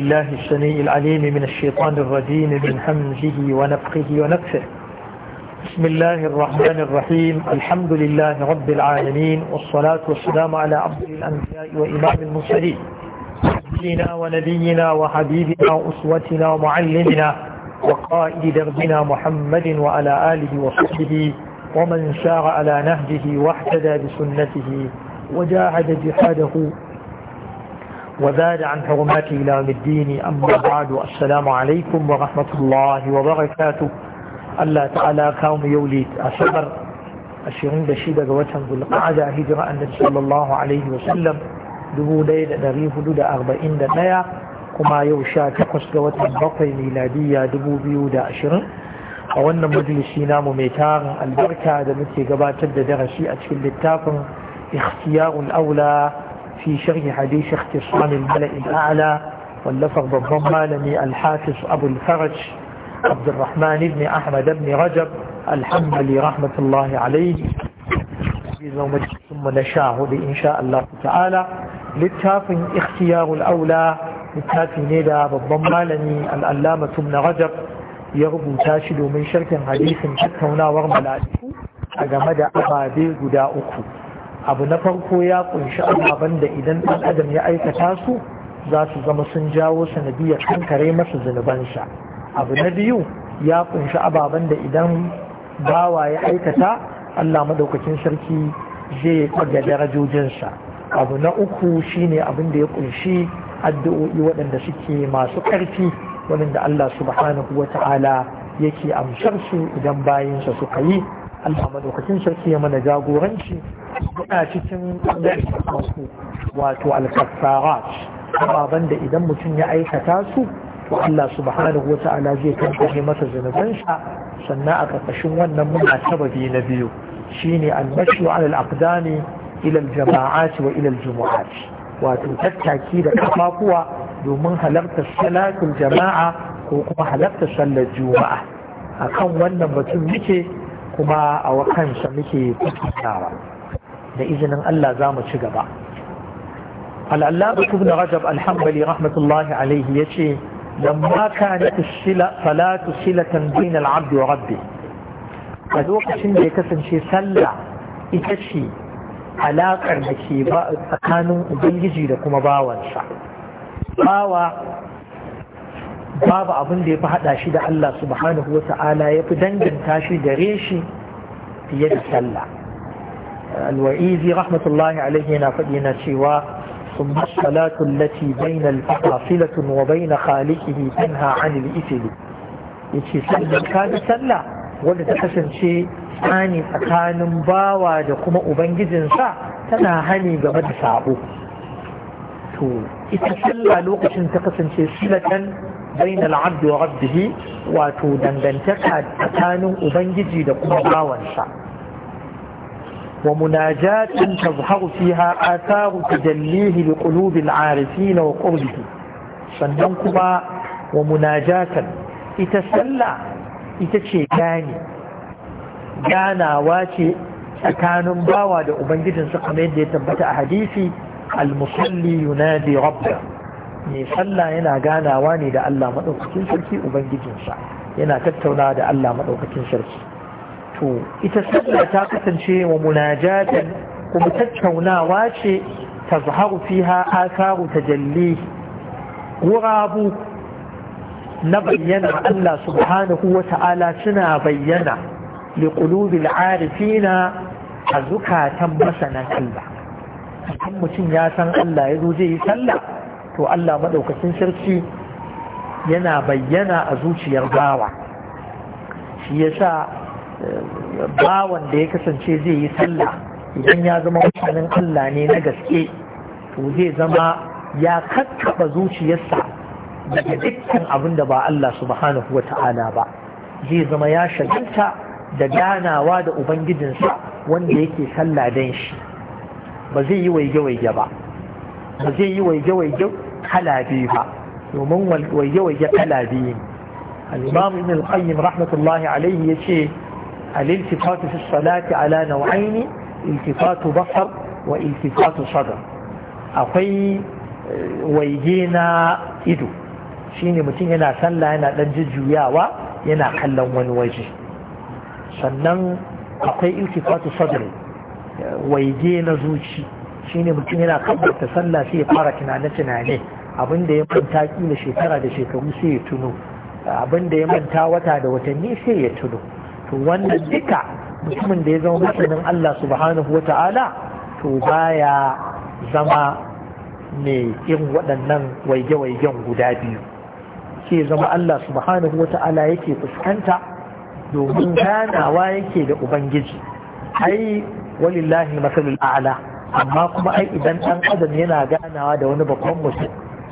بالله السميع العليم من الشيطان الرجيم من همزه ونفخه ونفسه بسم الله الرحمن الرحيم الحمد لله رب العالمين والصلاة والسلام على عبد الأنبياء وإمام المرسلين سيدنا ونبينا وحبيبنا وأسوتنا ومعلمنا وقائد دربنا محمد وعلى آله وصحبه ومن سار على نهجه واحتدى بسنته وجاهد جهاده وزاد عن حرمات إلى يوم الدين أما بعد السلام عليكم ورحمة الله وبركاته الله تعالى كوم يوليد أسبر أشيرين بشيدة وتن ذو القعدة هجرة النبي صلى الله عليه وسلم دبو ليلة نري حدود أربعين دنيا كما يوشا تقص وتن بقي ميلادية دبو بيودة أشيرين a wannan majalisi namu mai tarin albarka da muke gabatar da darasi a cikin littafin ikhtiyarul aula في شرح حديث اختصام الملأ الأعلى واللفظ بالضمالني الحافظ أبو الفرج عبد الرحمن بن أحمد بن رجب الحمد لله رحمة الله عليه ثم نشاهد إن شاء الله تعالى للتاف اختيار الأولى للتاف نيدا بالضمالني الألامة بن رجب يغبو تاشد من شرك حديث تتونا ورملائه أجمد أبادي قداء أكو abu na farko ya kunshi ababen da idan ɗan adam ya aikata su za su zama sun jawo sanadiyar kankare masa zunubansa abu na biyu ya kunshi ababen da idan bawa ya aikata allah madaukakin sarki zai kwaga darajojinsa abu na uku shine abin da ya kunshi addu'o'i waɗanda suke masu ƙarfi waɗanda allah subhanahu wata'ala yake amsar su idan bayinsa suka yi Allah madaukakin sarki ya mana jagoranci Muna cikin masu wato alkafarat ababen da idan mutum ya aikata su to Allah subhanahu wa ta'ala zai tantance masa zunubansa sannan a ƙarƙashin wannan muna sababi na biyu shine almashu ala al-aqdami ila al-jama'at wa ila al wato tattaki da kafafuwa domin halartar salatul jama'a ko kuma halartar sallar juma'a akan wannan mutum muke kuma a wakansa muke tattaunawa da izinin Allah za mu ci gaba al'allaba ibn rajab alhambali rahmatullahi alaihi ya ce lamma salatu silatan bain al'abdi wa rabbi a lokacin da ya kasance sallah ita ce alaƙar da ke tsakanin ubangiji da kuma bawansa bawa babu abin da ya fi haɗa shi da Allah subhanahu wa ta'ala ya fi danganta shi gare shi fiye da sallah alwa'izi rahmatullahi alaihi yana faɗi na cewa sun salatu lati bain al-fasilatun wa bain khaliqihi tanha an al-ithli yace sallah kaga sallah wanda ta kasance tsani tsakanin bawa da kuma ubangijinsa tana hani gaba da sabo to ita sallah lokacin ta kasance silatan bain al’abdu wa abdihi wato dangantaka tsakanin ubangiji da kuma bawansa wa munajatin ta haru fi ha a taru ta jallihi sannan kuma wa ita sallah, ita ce gane ganawa ce tsakanin bawa da ubangijinsu kamar yadda ya tabbata a hadisi al-musalli yunadi rabbah mai sallah yana ganawa ne da Allah maɗaukakin sarki ubangijinsa yana tattauna da Allah maɗaukakin sarki to ita sallah ta kasance wa munajatan kuma tattaunawa ce ta zaharu fiha akaru tajalli gurabu na bayyana Allah subhanahu wa ta'ala suna bayyana liƙulubil arifina a zukatan masanan Allah idan mutum ya san Allah ya zo zai yi sallah to Allah maɗaukacin sarki yana bayyana a zuciyar bawa shi ya sa eh, bawan da ya kasance zai yi sallah idan ya zama mutanen Allah ne na gaske to zai zama ya kakkaba zuciyarsa daga dukkan abin da ba Allah subhanahu wa ta'ala ba zai zama ya shagalta da ganawa da ubangijinsa wanda yake sallah don shi ba zai yi waige-waige ba ba zai yi waige-waige kala biyu ba domin waje-waje kala biyu al-imam ibn al-qayyim rahmatullahi alaihi yace al-iltifatu fi salati ala naw'ain iltifatu basar wa iltifatu sadr akwai eh, waige na ido shine mutum yana sallah yana dan jujjuyawa yana kallon wani waje sannan akwai iltifatu sadr eh, waige na zuci. shine mutum yana kabbarta sallah sai ya fara tunane-tunane abin da ya manta kila shekara da shekaru sai ya tuno abin da ya manta wata da watanni sai ya tuno to wannan duka mutumin da ya zama masanin Allah subhanahu wa ta'ala to baya zama mai yin waɗannan waige-waigen guda biyu ke zama Allah subhanahu wa ta'ala yake fuskanta domin ganawa yake da Ubangiji ai walillahi masalul a'la amma kuma ai idan ɗan adam yana ganawa da wani babban mutum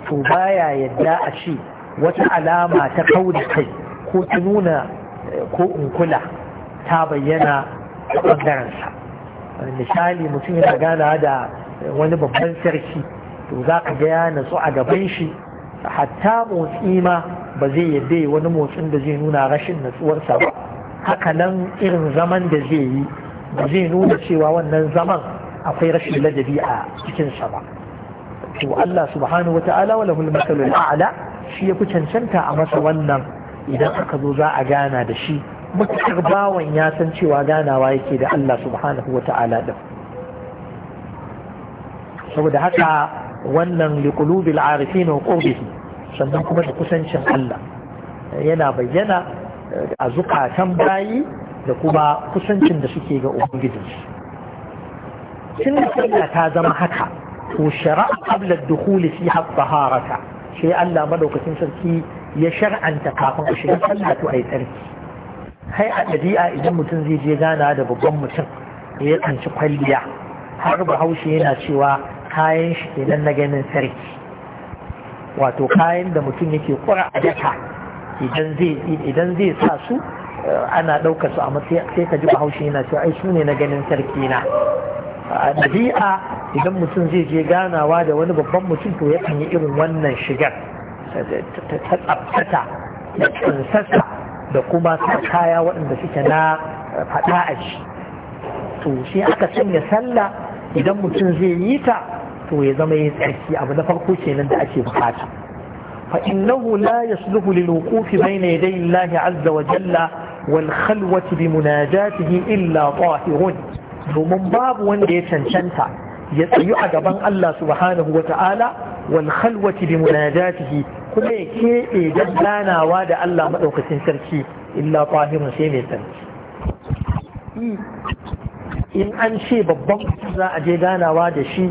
to baya yadda a ce wata alama ta kauda kai ko ta nuna eh, ko unkula ta bayyana a ɓangarensa misali mutum yana ganawa da wani babban sarki to za ka gaya na su a gaban shi hatta motsi ma ba zai yadda wani motsin da zai nuna rashin natsuwarsa ba haka nan irin zaman da zai yi ba zai nuna cewa wannan zaman akwai rashin ladabi a cikin sa ba to Allah subhanahu wa ta'ala wa lahul masalul a'la shi ya fi cancanta a masa wannan idan aka zo za a gana da shi mutakar bawan ya san cewa ganawa yake da Allah subhanahu wa ta'ala din saboda haka wannan liqulubil arifin wa qurbihi sannan kuma da kusancin Allah yana bayyana a zukatan bayi da kuma kusancin da suke ga ubangijinsu tun da ta zama haka to shara'a qabla ad-dukhul fiha taharata sai Allah madaukakin sarki ya shar'anta kafin a shiga sallah to ai sarki. hai a dabi'a idan mutum zai je gana da babban mutum ya tsanci kwalliya har bahaushe yana cewa kayan shi kenan na ganin sarki wato kayan da mutum yake kura a daka idan zai sa su eh, ana ɗaukar su a matsayi sai ka ji bahaushe yana cewa ai su ne na ganin sarki na a ɗabi'a idan mutum zai je ganawa da wani babban mutum to yakan yi irin wannan shigar ta tsabtata da tsansasa da kuma ta kaya waɗanda suke na faɗa a shi to shi aka sanya sallah idan mutum zai yi ta to ya zama yin tsarki abu na farko kenan da ake bukata فإنه لا يصلح للوقوف بين يدي الله عز وجل والخلوة بمناجاته إلا طاهر domin babu wanda ya cancanta ya tsayu a gaban Allah subhanahu wa ta'ala wal bi munajatihi kuma ya keɓe don da Allah maɗaukacin sarki illa fahimun sai mai sarki in an ce babban za a je ganawa da shi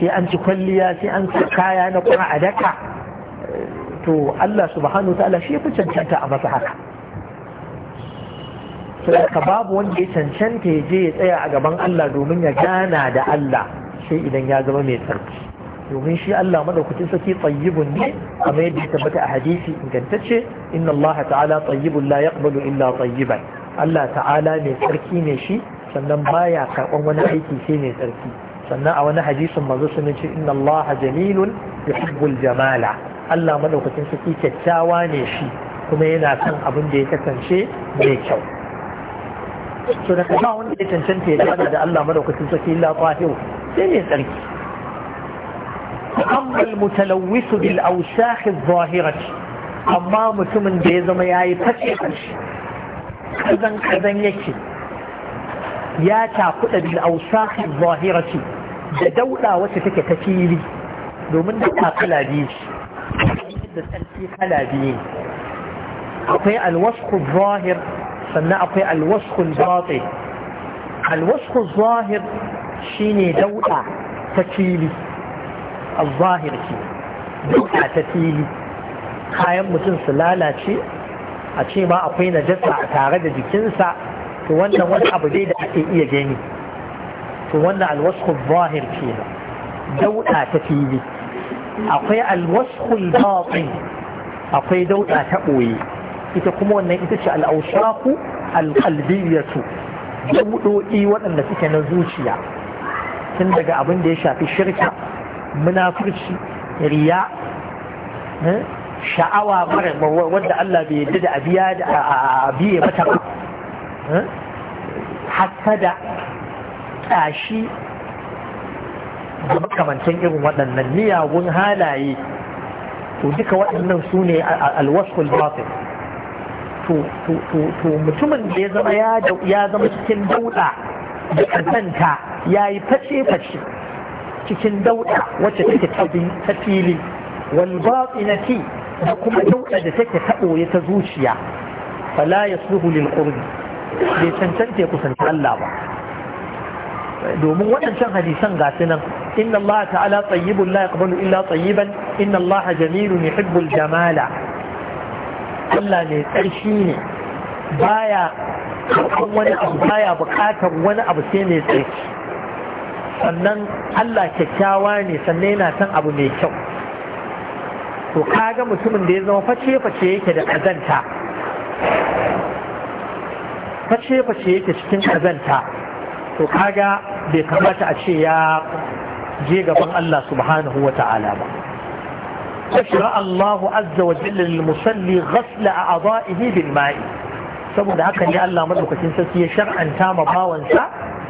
sai an ci kwalliya sai an ci kaya na kuma a daka to Allah subhanahu ta'ala shi fi cancanta a masa haka ka babu wanda ya cancanta ya je ya tsaya a gaban Allah domin ya gana da Allah sai idan ya zama mai tsarki domin shi Allah kucin saki tsayibun ne kamar da ya tabbata a hadisi ingantacce inna Allah ta'ala tsayibun la yaqbalu illa tsayiban Allah ta'ala mai tsarki ne shi sannan baya karɓan wani aiki sai mai tsarki sannan a wani hadisin manzo sun ce inna Allah jamilun yuhibbul jamala Allah kucin saki kyakkyawa ne shi kuma yana son abin da ya kasance mai kyau to da ba wanda ya cancanta ya gana da Allah madaukakin sarki illa qahiru sai ne sarki amma al bil awsakh adh-dhahirah amma mutumin da ya zama yayi fashe fashe kazan kazan yake ya takuda bil awsakh adh da dauda wacce take ta fili domin da ta kala biyu da sarki kala biyu akwai alwasku zahir sannan akwai alwaskhul batin alwaskhul zahir shine dauda ta fili al-zahir ta fili kayan mutum su lalace a ce ma akwai najasa a tare da jikinsa to wannan wani abu dai da ake iya gani to wannan ta fili akwai alwaskhul akwai ta ɓoye. ita kuma wannan ita ce al'aushaku al'albiyatu buɗoɗi waɗanda suke na zuciya tun daga abin da ya shafi shirka munafurci riya eh, sha'awa mara wadda Allah bai yadda da abiya da abiye mata ba eh, da ƙashi da makamantan irin waɗannan miyagun halaye to duka waɗannan su ne alwasul batin to mutumin da ya zama ya zama cikin dauda da kasanta ya yi fashe-fashe cikin dauda wacce take ta fili ci da kuma dauda da take ta ɓoye ta zuciya fala ya suhu lil bai cancanta ya kusanci Allah ba domin waɗancan hadisan ga su nan inna Allah ta'ala tayyibun la yaqbalu illa tsayiban, inna Allah jamilun yuhibbul jamala Allah mai tsarki ne baya kan wani bukatar wani abu sai mai tsarki sannan Allah kyakkyawa ne sannan yana son abu mai kyau to kaga mutumin da ya zama face-face yake da kazanta face-face yake cikin ƙazanta to kaga bai kamata a ce ya je gaban Allah subhanahu wa ta'ala ba shira Allahu azza wa jalla lil musalli ghasla a bil ma'i saboda haka ne Allah madaukakin sarki ya shar'anta ma bawansa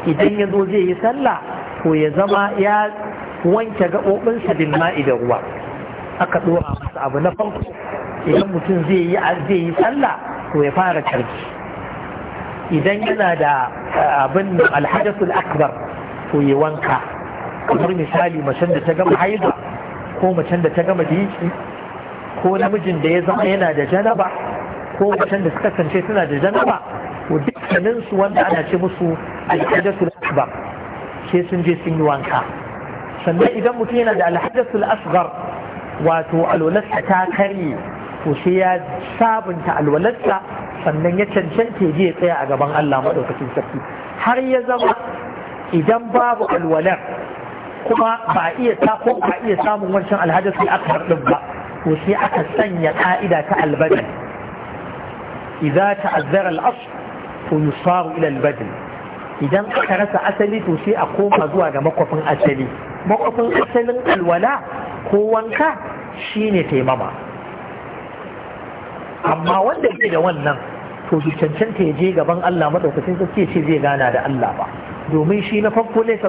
idan ya zo zai yi sallah to ya zama ya wanke gaɓoɓinsa bil ma'i da ruwa aka ɗora masa abu na farko idan mutum zai yi zai yi sallah to ya fara tarki idan yana da eh, abin alhadathul akbar to ya wanka kamar misali macen da ta gama haihuwa ko macen da ta gama biki ko namijin da ya zama yana da janaba ko macen da suka kasance suna da janaba ko dukkanin su wanda ana ce musu alhadathul akbar sai sun je sun yi wanka sannan idan mutum yana da alhadathul asghar wato alwalarsa ta karye to sai ya sabunta alwalarsa sannan ya cancanta ya je ya tsaya a gaban Allah madaukakin sarki har ya zama idan babu alwalar kuma ba a iya ko ba iya samun wancan alhadasul aka din ba ko sai aka sanya ka'ida ta albadin idza ta'azzara al to yusaru ila al idan aka rasa asali to sai a koma zuwa ga makwafin asali makwafin asalin alwala ko wanka shine taimama amma wanda ke da wannan to shi cancanta ya je gaban Allah madaukakin sarki ce zai gana da Allah ba domin shi na farko ne sa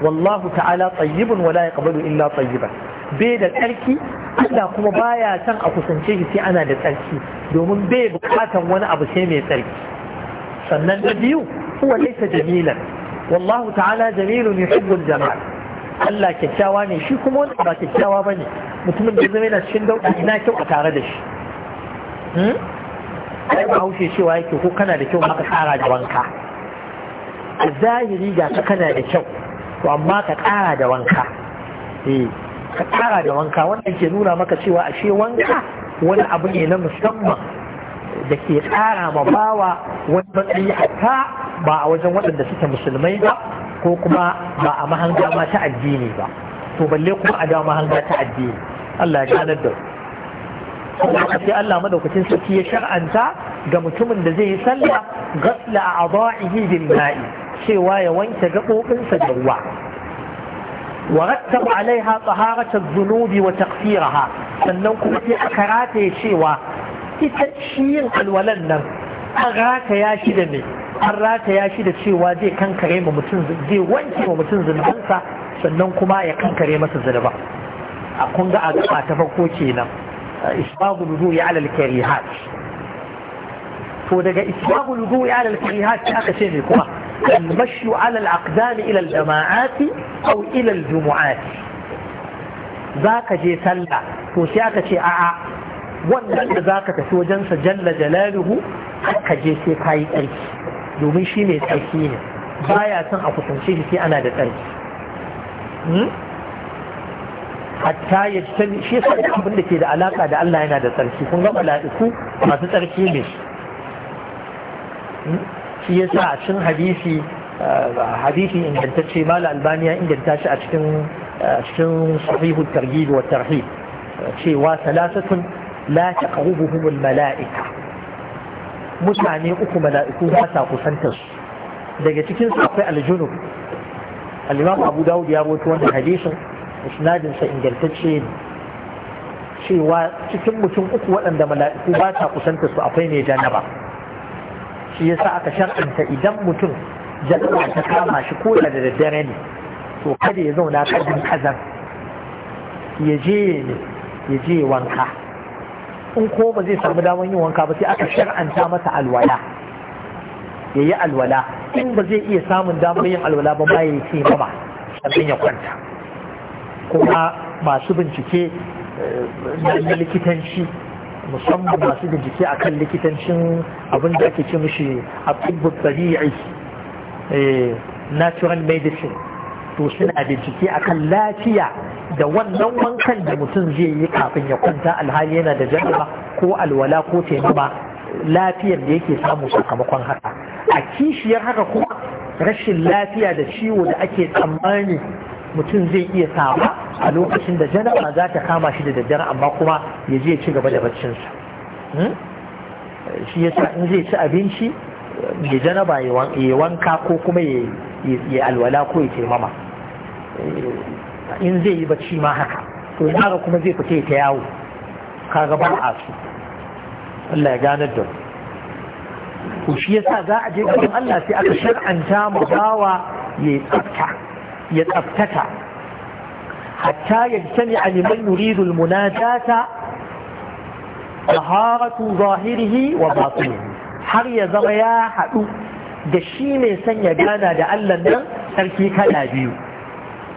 wallahu ta'ala tayyibun wala yaqbalu illa tayyiban bai da tsarki Allah kuma baya san a kusance shi sai ana da tsarki domin bai bukatan wani abu sai mai tsarki sannan da biyu huwa laysa jamilan wallahu ta'ala jamilun yuhibbul jamal Allah kyakkyawa ne shi kuma wani ba kyakkyawa bane mutumin da zama yana cikin dauka ina kyau a tare da shi hmm? ai ba haushe cewa yake ko kana da kyau maka tsara da wanka zahiri ga ka kana da kyau to amma ka ƙara da wanka eh ka ƙara da wanka wannan ke nuna maka cewa ashe wanka wani abu ne na musamman da ke ƙara ma bawa wani matsayi hatta ba a wajen waɗanda suke musulmai ba ko kuma ba a mahanga ma ta addini ba to balle kuma a dawo mahanga ta addini Allah ya ganar da kuma sai Allah madaukakin sarki ya shar'anta ga mutumin da zai yi sallah gasla a ada'ihi bil ma'i cewa ya wanke gaɓoɓinsa da ruwa ورتب عليها طهارة الذنوب وتقصيرها sannan kuma sai aka rataye cewa ita ciyin alwalan nan an rataya shi da me an rataya shi da cewa zai kankare ma mutum zai wanke ma mutum zunubansa sannan kuma ya kankare masa zunuba a kun ga a gaba ta farko kenan isbagul ruhi ala karihat to daga isbagul ruhi ala karihat aka ce me kuma المشي على الأقدام إلى الجماعات أو إلى الجمعات ذاك جي سلا وسياك شيء أعا وأن ذاك تسوجن جل جلاله حق جي سي كاي تركي دومي شي مي tsarki ne baya son a kusance shi sai ana da tsarki hatta ya shi yasa da abin da ke da alaka da Allah yana da tsarki kun ga mala'iku masu tsarki ne shi yasa a cikin hadisi hadisi ingantacce mala albaniya inganta shi a cikin cikin sahihu targhib wa tarhib cewa salasatun la taqrubuhum al malaika mutane uku mala'iku ba sa kusantar su daga cikin su akwai aljunub al-imam abu dawud ya rawaito wannan hadisin isnadin sa ingantacce cewa cikin mutum uku waɗanda mala'iku ba ta kusantar su akwai mai janaba shi yasa aka shar'anta idan mutum jama'a ta kama shi ko da daddare ne to kada ya zauna kadin kazan ya je ya je wanka in ko ba zai samu damar yin wanka ba sai aka shar'anta masa alwala ya yi alwala in ba zai iya samun damar yin alwala ba ma ya yi ce ba sannan ya kwanta kuma masu bincike eh, na likitanci musamman masu jiki a kan likitancin abin da ake ce mishi a tubbin eh, natural medicine to suna jiki a kan lafiya da wannan wankan da mutum zai yi kafin ya kwanta alhali yana da jaraba ko alwala ko taimama lafiyar da yake samu sakamakon haka a kishiyar haka kuma rashin lafiya da ciwo da ake tsammani mutum zai iya saba a lokacin da janaba za ta kama shi da daddare amma kuma ya je ci gaba da baccinsa hmm? shi ya sa in zai ci abinci ya janaba ya wanka ko kuma ya alwala ko ya taimama in zai yi bacci ma haka to in kuma zai fita ta yawo kaga ba a su Allah ya ganar da ku shi yasa za a je gaban Allah sai aka shar'anta mu bawa ya tsafta ya tsaftaka, hatta ya sami aliman yuridul munajata taharatu zahirihi wa batinihi har ya zama ya haɗu da shi mai sanya gana da Allah nan sarki kala biyu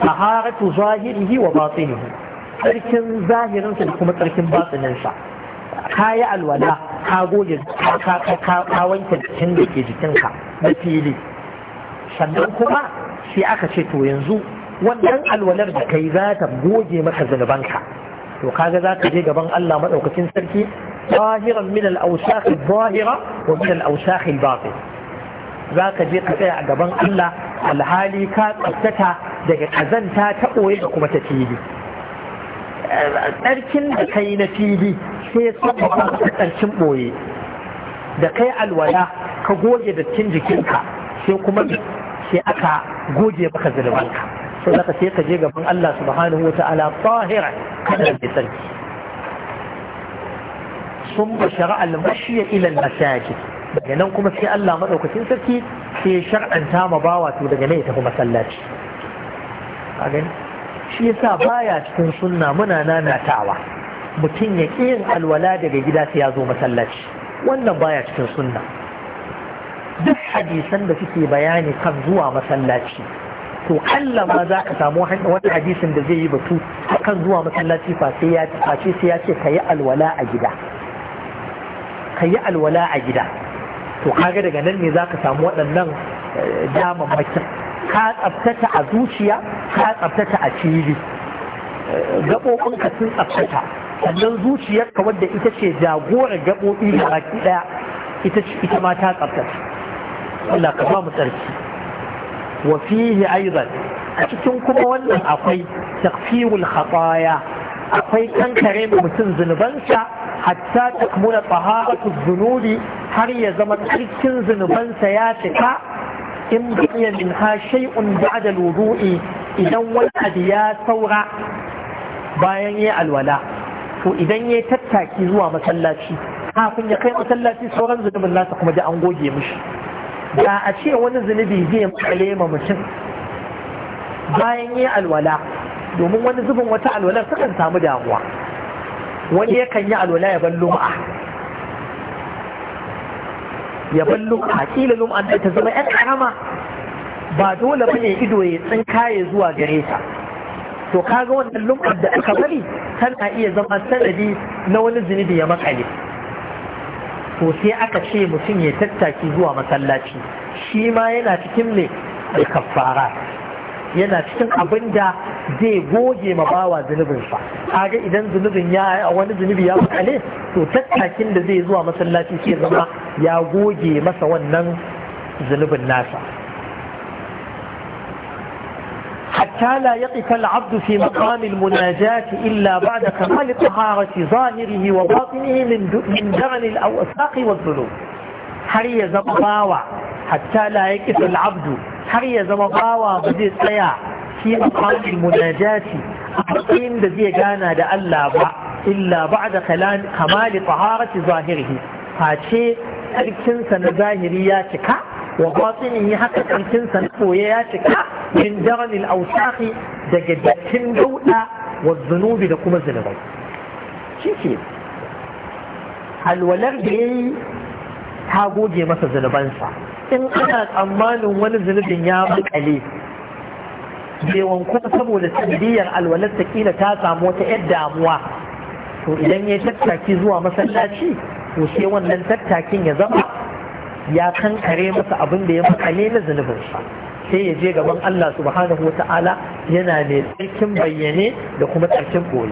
taharatu zahirihi wa batinihi sarkin zahirinsa da kuma sarkin batininsa ka yi alwala ka goge ka wanke jikin da ke jikinka na fili sannan kuma sai aka ce to yanzu wannan alwalar da kai za ta goge maka zunubanka to kaga za ka je gaban Allah madaukakin sarki zahiran min al-awsakh zahira wa min al-awsakh al-batin za ka je ka tsaya a gaban Allah alhali ka tsaftata daga kazanta ta ɓoye da kuma ta fili tsarkin da kai na fili sai sabon tsarkin ɓoye da kai alwala ka goge dattin jikinka sai kuma sai aka goge baka zulmanka sai zaka sai ka je gaban Allah subhanahu wata'ala tahira kada da sarki sun ba shara'a al-mashiya masajid daga nan kuma sai Allah madaukakin sarki sai shar'anta ma bawa to daga nan ya tafi masallaci a gani shi yasa baya cikin sunna muna nanatawa mutum ya ƙi yin alwala daga gida sai ya zo masallaci wannan baya cikin sunna duk hadisan da suke bayani kan zuwa masallaci to Allah ma za ka samu wani hadisin da zai yi batu kan zuwa masallaci fa sai ya face sai ya ce kayi alwala a gida kayi alwala a gida to kaga daga nan ne za ka samu waɗannan eh, damammakin ka tsabtata a zuciya ka tsabtata a fili eh, ka sun tsabtata sannan zuciyarka wadda ita ce jagorar gaɓoɓi da baki ɗaya ita ma ta tsabtata Allah ka ba mu tsarki wa fihi aidan a cikin kuma wannan akwai takfirul khataya akwai kankare mu mutum zunubansa hatta takmula taharatu zunubi har ya zama cikin zunubansa ya cika in baqiya min ha shay'un ba'da al idan wani ya saura bayan ya alwala to idan ya tattaki zuwa masallaci kafin ya kai masallaci sauran zunubin nasa kuma da an goge mishi da a ce wani zunubi zai makale ma mutum bayan yi alwala domin wani zubin wata alwala sukan samu damuwa wani ya kan yi alwala ya bar lum'a ya bar lum'a kila lum'a ta zama yan karama ba dole bane ido ya tsinkaye zuwa gare ta to kaga wannan lum'ar da aka bari tana iya zama sanadi na wani zunubi ya makale to sai aka ce mutum ya tattaki zuwa masallaci shi ma yana cikin ne alkafara yana cikin abin da zai goge ma bawa zunubinsa ga idan zunubin ya wani zunubi ya makale to tattakin da zai zuwa masallaci sai zama ya goge masa wannan zunubin nasa حتى لا يقف العبد في مقام المناجاة إلا بعد كمال طهارة ظاهره وباطنه من درن الأوساق والظلوم حري زمطاوة حتى لا يقف العبد حري زمطاوة بدي السياع في مقام المناجاة أحقين بذي جانا لألا ألا بعد كمال طهارة ظاهره فاتشي أركنس نظاهرياتك وباطنه حتى تمكن سنفو ياتك من درن الأوساخ دجدتين دولا والذنوب لكم الزنبي شكي الولر بي تاغوجي مسا زنبانسا إن أنا أمان وانا زنب يا مكالي bai wanko saboda sanadiyar alwalarsa kila ta samu wata yar damuwa to idan ya tattaki zuwa masallaci to sai wannan tattakin ya zama ya kankare masa abin da ya makale na zunubinsa sai ya je gaban Allah subhanahu wata'ala yana mai tsarkin bayyane da kuma tsarkin boye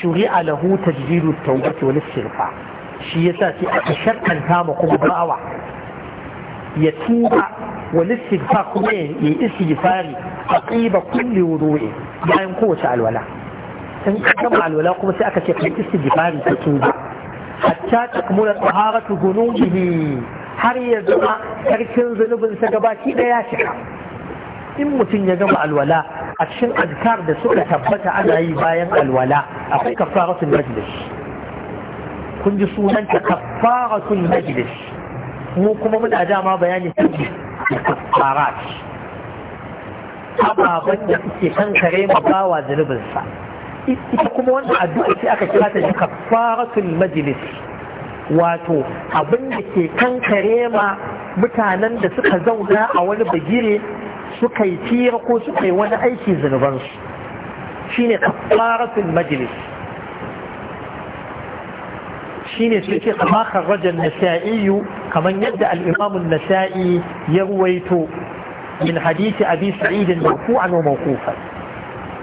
shuri'a lahu له تجديد التوبة والاستغفار shi yasa sai aka shar'anta ma kuma bawa ya tuba والاستغفار kuma ya istighfari a qiba kulli wudu'i bayan kowace alwala in ka gama alwala kuma sai aka ce kai istighfari ka tuba hatta takmula taharatu zunubihi har ya zama karkin zunubin sa gabaki daya shiga in mutum ya gama alwala a cikin azkar da suka tabbata ana yi bayan alwala akwai kafaratul majlis kun ji sunanta kafaratul majlis mu kuma muna dama bayani da kafarat ababen da suke kankare ma bawa zunubinsa ita kuma wannan addu'a ce aka kira ta kafaratul majlis wato abin da ke kankare ma mutanen da suka zauna a wani bagire suka yi tira ko suka yi wani aiki zunubansu shine kafaratul majlis shine su ce kama kharrajan nasa'i kamar yadda alimamun nasai ya ruwaito min hadisi abi sa'id marfu'an wa mawqufan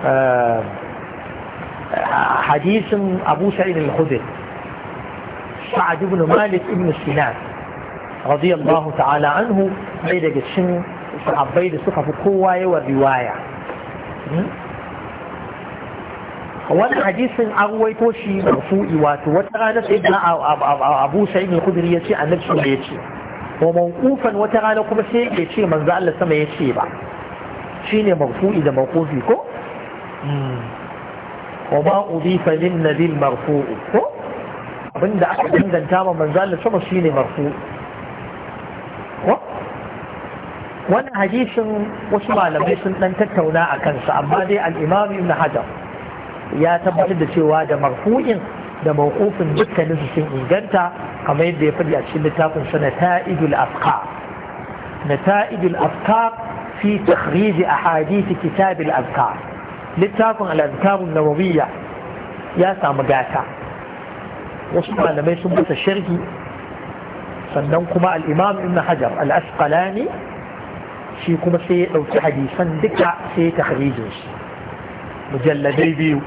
ah, hadisin abu sa'id al-khudri sa'ad ibn malik ibn sinan radiyallahu ta'ala anhu ɗaya daga cikin sahabbai da suka fi kowa yawan riwaya wannan hadisin an ruwaito shi marfu'i wato wata rana sai da Abu Sa'id yace annabi sun yace ko mawqufan wata rana kuma sai ya ce manzo Allah sama yace ba shine marfu'i da makofi ko وما أضيف للنبي المرفوع عند أحد عند انتاما من ذلك شو مشيني مرفوع وانا حديث وش ما لم يسن لن تتونا أكنس أما دي الإمام ابن حجر يا تبقى لدى سوى هذا مرفوع ده موقوف جدا نسسين إن جنتا كما يبدي يفضي أشي لتاف سنتائج الأفكار نتائج الأفكار في تخريج أحاديث كتاب الأفكار littafin al'azkarun nawawiyya ya samu gata wasu malamai sun masa sharhi sannan kuma al'imam ibn hajar al'asqalani shi kuma sai ya ɗauki hadisan duka sai ya tahrijin shi mujalladai biyu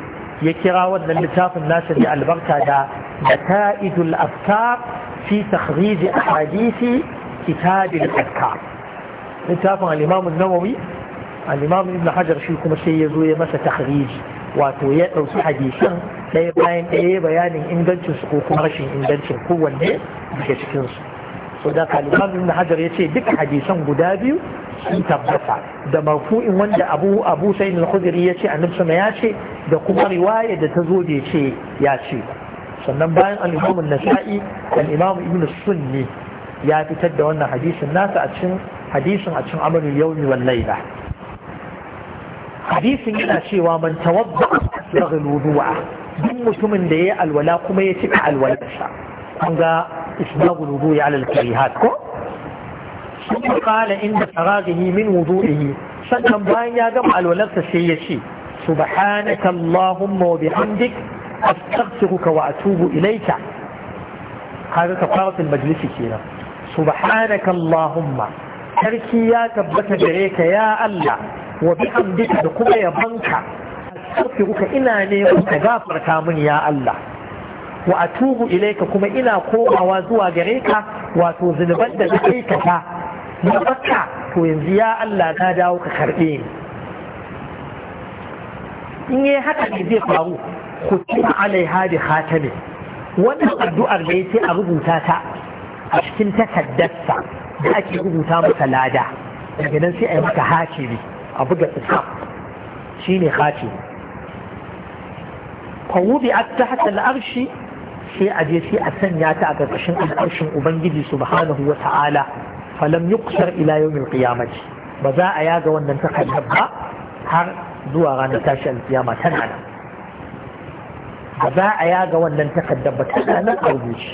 ya kira wannan littafin nasa da albarka da nata'idul afkar fi tahrij ahadisi kitabil afkar littafin al-imam an-nawawi al'imam ibn hajar shi kuma sai ya zo ya masa tahriji wato ya ɗauki hadisan ɗaya bayan ɗaya bayanin ingancinsu ko kuma rashin ingancin kowanne daga cikinsu so da kalimam ibn hajar ya ce duka hadisan guda biyu sun tabbata da marfu'in wanda abu abu sayyid ya ce annabi sama ya ce da kuma riwaya da ta zo da ya ce ya ce sannan bayan al nasai al ibn sunni ya fitar da wannan hadisin nasa a cikin hadisin a cikin amalul yawmi wal hadisin yana cewa man tawadda daga wudu'a duk mutumin da yayi alwala kuma ya cika alwalarsa an ga isbaghul wudu'i ala al ko sun kala inda faraghihi min wudu'ihi sannan bayan ya gama alwalarsa sai ya ce subhanaka allahumma wa bihamdik astaghfiruka wa atubu ilayka kaga kafaratul majlisi kenan subhanaka allahumma sarki ya tabbata gare ka ya Allah wa bihamdika da kuma yabanka astaghfiruka ina ne ka gafarta mini ya Allah wa atubu ilaika kuma ina komawa zuwa gare ka wato zunuban da na aikata na baka to yanzu ya Allah na dawo ka karbe ni in yi haka ne zai faru kutiba alaiha bi ne. wannan addu'ar da ce a rubuta ta a cikin takaddarsa da ake rubuta masa lada daga nan sai a yi maka hakimi a buga tsaka shine khatim fawudi a tahta al'arshi sai a je sai a sanya ta a ƙarƙashin al'arshin ubangiji subhanahu wa ta'ala falam yuqsar ila yawmil qiyamati ba za a yaga wannan takardar ba har zuwa ranar tashi alkiyama tana nan ba za a yaga wannan takardar ba tana nan a rubuce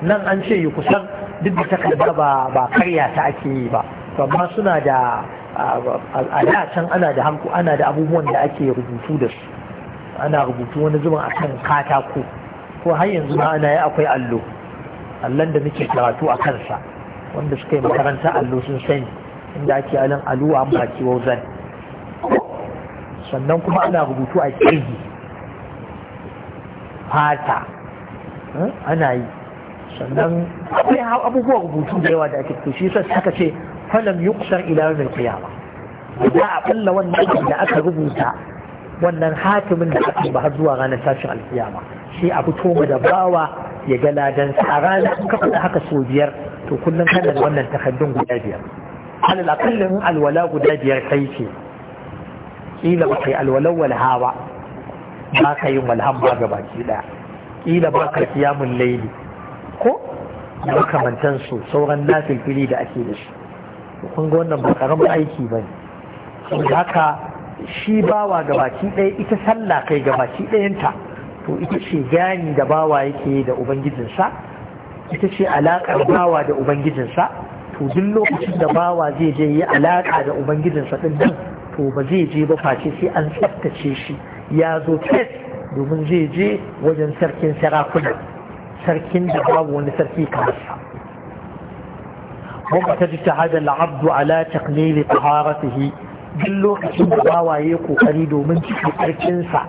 nan an ce yi kusan duk da takarda ba ba karya ta ake yi ba amma suna da a da can ana da hanku ana da abubuwan da ake rubutu da su ana rubutu wani zuban a kan katako ko har yanzu ma ana yi akwai allo allon da muke karatu a kansa wanda suka yi makaranta allo sun sani inda ake alin allo an baki wauzan sannan kuma ana rubutu a kirgi fata eh, ana yi sannan akwai abubuwan rubutu da yawa da ake to shi sai ce falam yuqsar ila yawmil qiyamah da a kalla wannan da aka rubuta wannan hatimin da aka ba zuwa ranar tashin alkiyama shi a fito ma da bawa ya ga ladan a ranar ka haka sau biyar to kullum kana da wannan takaddun guda biyar alal aqallin alwala guda biyar kai ce kila ba kai alwalau wal hawa ba ka yin walhan ba ga baki daya kila ba ka kiyamun laili ko makamantansu sauran nafilfili da ake da shi kun ga wannan ba karamin aiki ba ne haka shi bawa gabaki ɗaya ita sallah kai gabaki ɗayanta to ita ce gani da bawa yake da ubangijinsa ita ce alaƙar bawa da ubangijinsa to duk lokacin da bawa zai je yi alaƙa da ubangijinsa ɗin nan to ba zai je ba face sai an tsaftace shi ya zo fes domin zai je wajen sarkin sarakuna sarkin da babu wani sarki kamar sa wata ji shahadar la'abdu ala takne ne tahara ta yi duk lokacin da bawaye kokari domin cikin karkinsa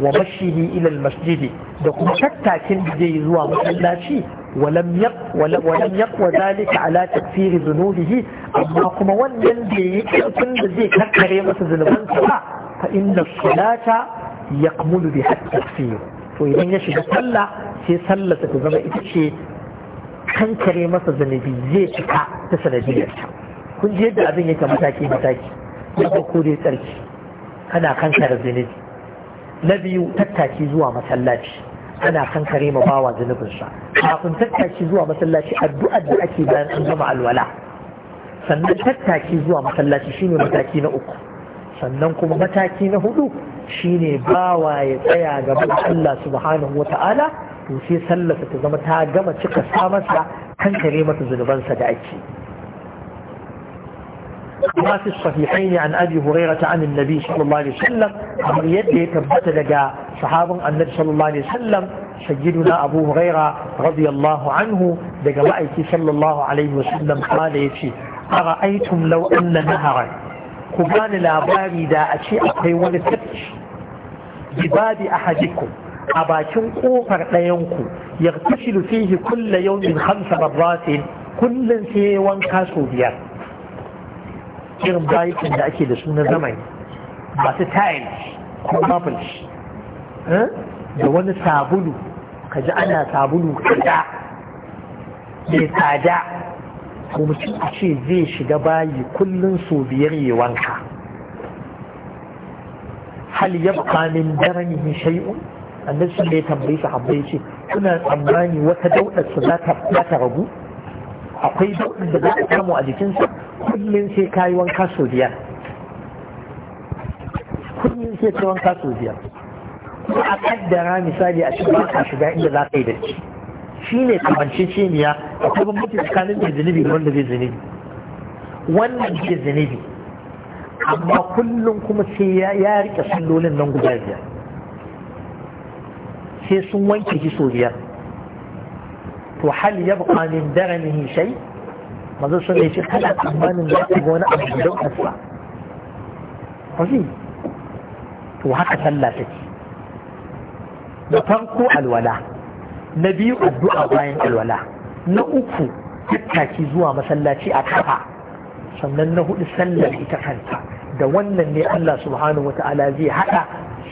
wa mashihi ilal masjidi da kuma tattakin da zai zuwa masallaci walam yak wa zalika ala tafsiri zunubihi amma kuma wannan da yi kirkin da zai karkare masa zunubansa ba ka inda salata yakmulu bi hatta tafsir to idan ya shiga sallah sai sallar ta zama ita ce kankare masa zanabi zai cika ta sanadiyarta kun ji yadda abin yake mataki mataki na farko dai tsarki ana kankare zanabi na biyu tattaki zuwa masallaci ana kankare ma bawa zanubinsa kafin tattaki zuwa masallaci addu'ar da ake bayan an gama alwala sannan tattaki zuwa masallaci shine mataki na uku sannan kuma mataki na hudu shine bawa ya tsaya gaban Allah subhanahu to sai sallarsa ta zama ta gama cika samarsa hankali mata zunubansa da ake amma fi sahihai ne an abi hurera ta anin nabi sallallahu alaihi sallam kamar yadda ya tabbata daga sahabin annabi sallallahu alaihi sallam سيدنا أبو هريرة رضي الله عنه بقرأيك صلى الله عليه وسلم قال يتي أرأيتم لو أن نهرا قبان لا باري دا أشيء أقوى ولتبش بباب أحدكم a bakin kofar ɗayanku ya kulle fihi kulla yawmin hamsa marratin kullum sai ya wanka sau biyar irin bayikin da ake da su na zamani masu tiles ko bubbles eh, da wani sabulu ka ji ana sabulu kada mai tsada ko mutum a ce zai shiga bayi kullum sau biyar ya wanka hal yabqa min daranihi shay'un annabi sun da tambayi tambaye shi habbai ce kuna tsammani wata daudar su za ta ragu akwai daudar da za ta samu a jikinsa kullum sai kayi wanka sau biyar kullum sai kayi wanka sau biyar kuma a kaddara misali a cikin baka shiga inda za ka yi da shi shi ne kamanceceniya akwai bambanci tsakanin da zunubi da wanda zai zunubi wannan zai zunubi amma kullum kuma sai ya rike sallolin nan guda biyar sai sun wanke shi so biyar to hal buƙa min daranihi shai, manzo sun ne shi kana tsammanin za ka ga wani abu da kasa to haka sallah take da farko alwala na biyu addu'a bayan alwala na uku tattaki zuwa masallaci a kafa sannan na hudu sallar ita kanta da wannan ne Allah subhanahu wa ta'ala zai hada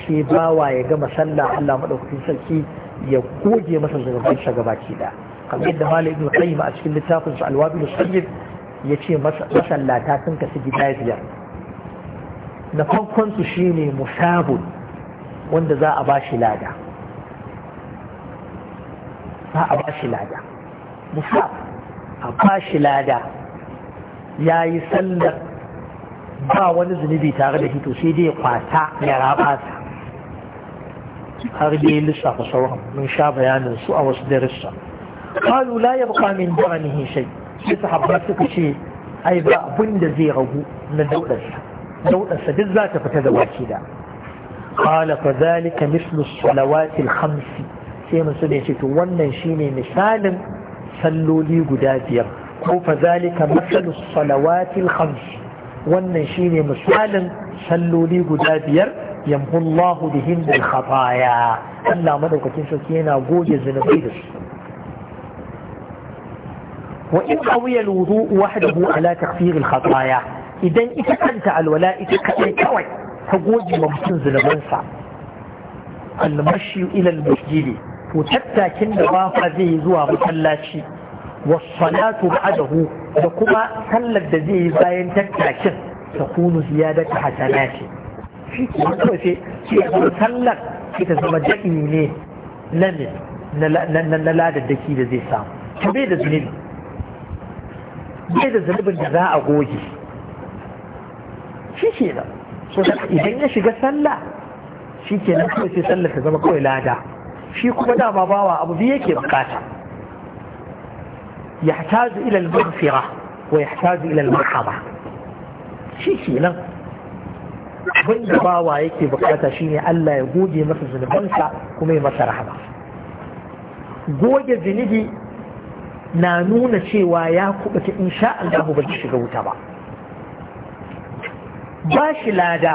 sai bawa ya gama sallah Allah madaukakin sarki ya goge masa zunuban sa gabaki da kamar yadda malam ibnu qayyim a cikin littafin sa alwabil sayyid yace masallata sun kasu gida biyar na farkon su shine musabun wanda za a bashi lada za a bashi lada musab a bashi lada yayi sallar ba wani zunubi tare da hito sai dai kwata ya rabata har dai lissafa sauran mun sha bayanin su a wasu darussa qalu la yabqa min daranihi shay sai sahabba suka ce ai ba abin da zai ragu na daudarsa daudarsa duk za ta fita da baki da Kala fa zalika mislu salawati al sai mun sune ce to wannan shine misalin salloli guda biyar ko fa zalika masalu salawati al wannan shine misalin salloli guda biyar يمحو الله بهم الخطايا ألا مدوك تنسكينا قوجة زنبيد وإن قوي الوضوء وحده على تغفير الخطايا إذا إتكنت على الولاء إتكنت كوي فقوج ممكن زنبنسا المشي إلى المسجد وتبتا كن ضافة ذي زوا مسلاتي والصلاة بعده لكما سلت ذي باين تبتا كن تكون زيادة حسناتي shi kuma kawai sai sai a sallar ita zama daɗi ne na ne na ladaddaki da zai samu ta bai da zunubi bai da zunubin da za a goge shi ke nan so idan ya shiga sallah shi ke nan kawai sai sallar ta zama kawai lada shi kuma dama bawa abu biyu yake bukata wa ya المغفرة ilal إلى shi ke nan. abin bawa yake bukata shine Allah ya goge masa zunubansa kuma ya masa rahama goge zunubi na nuna cewa ya kubuta insha Allah ba shiga wuta ba ba shi lada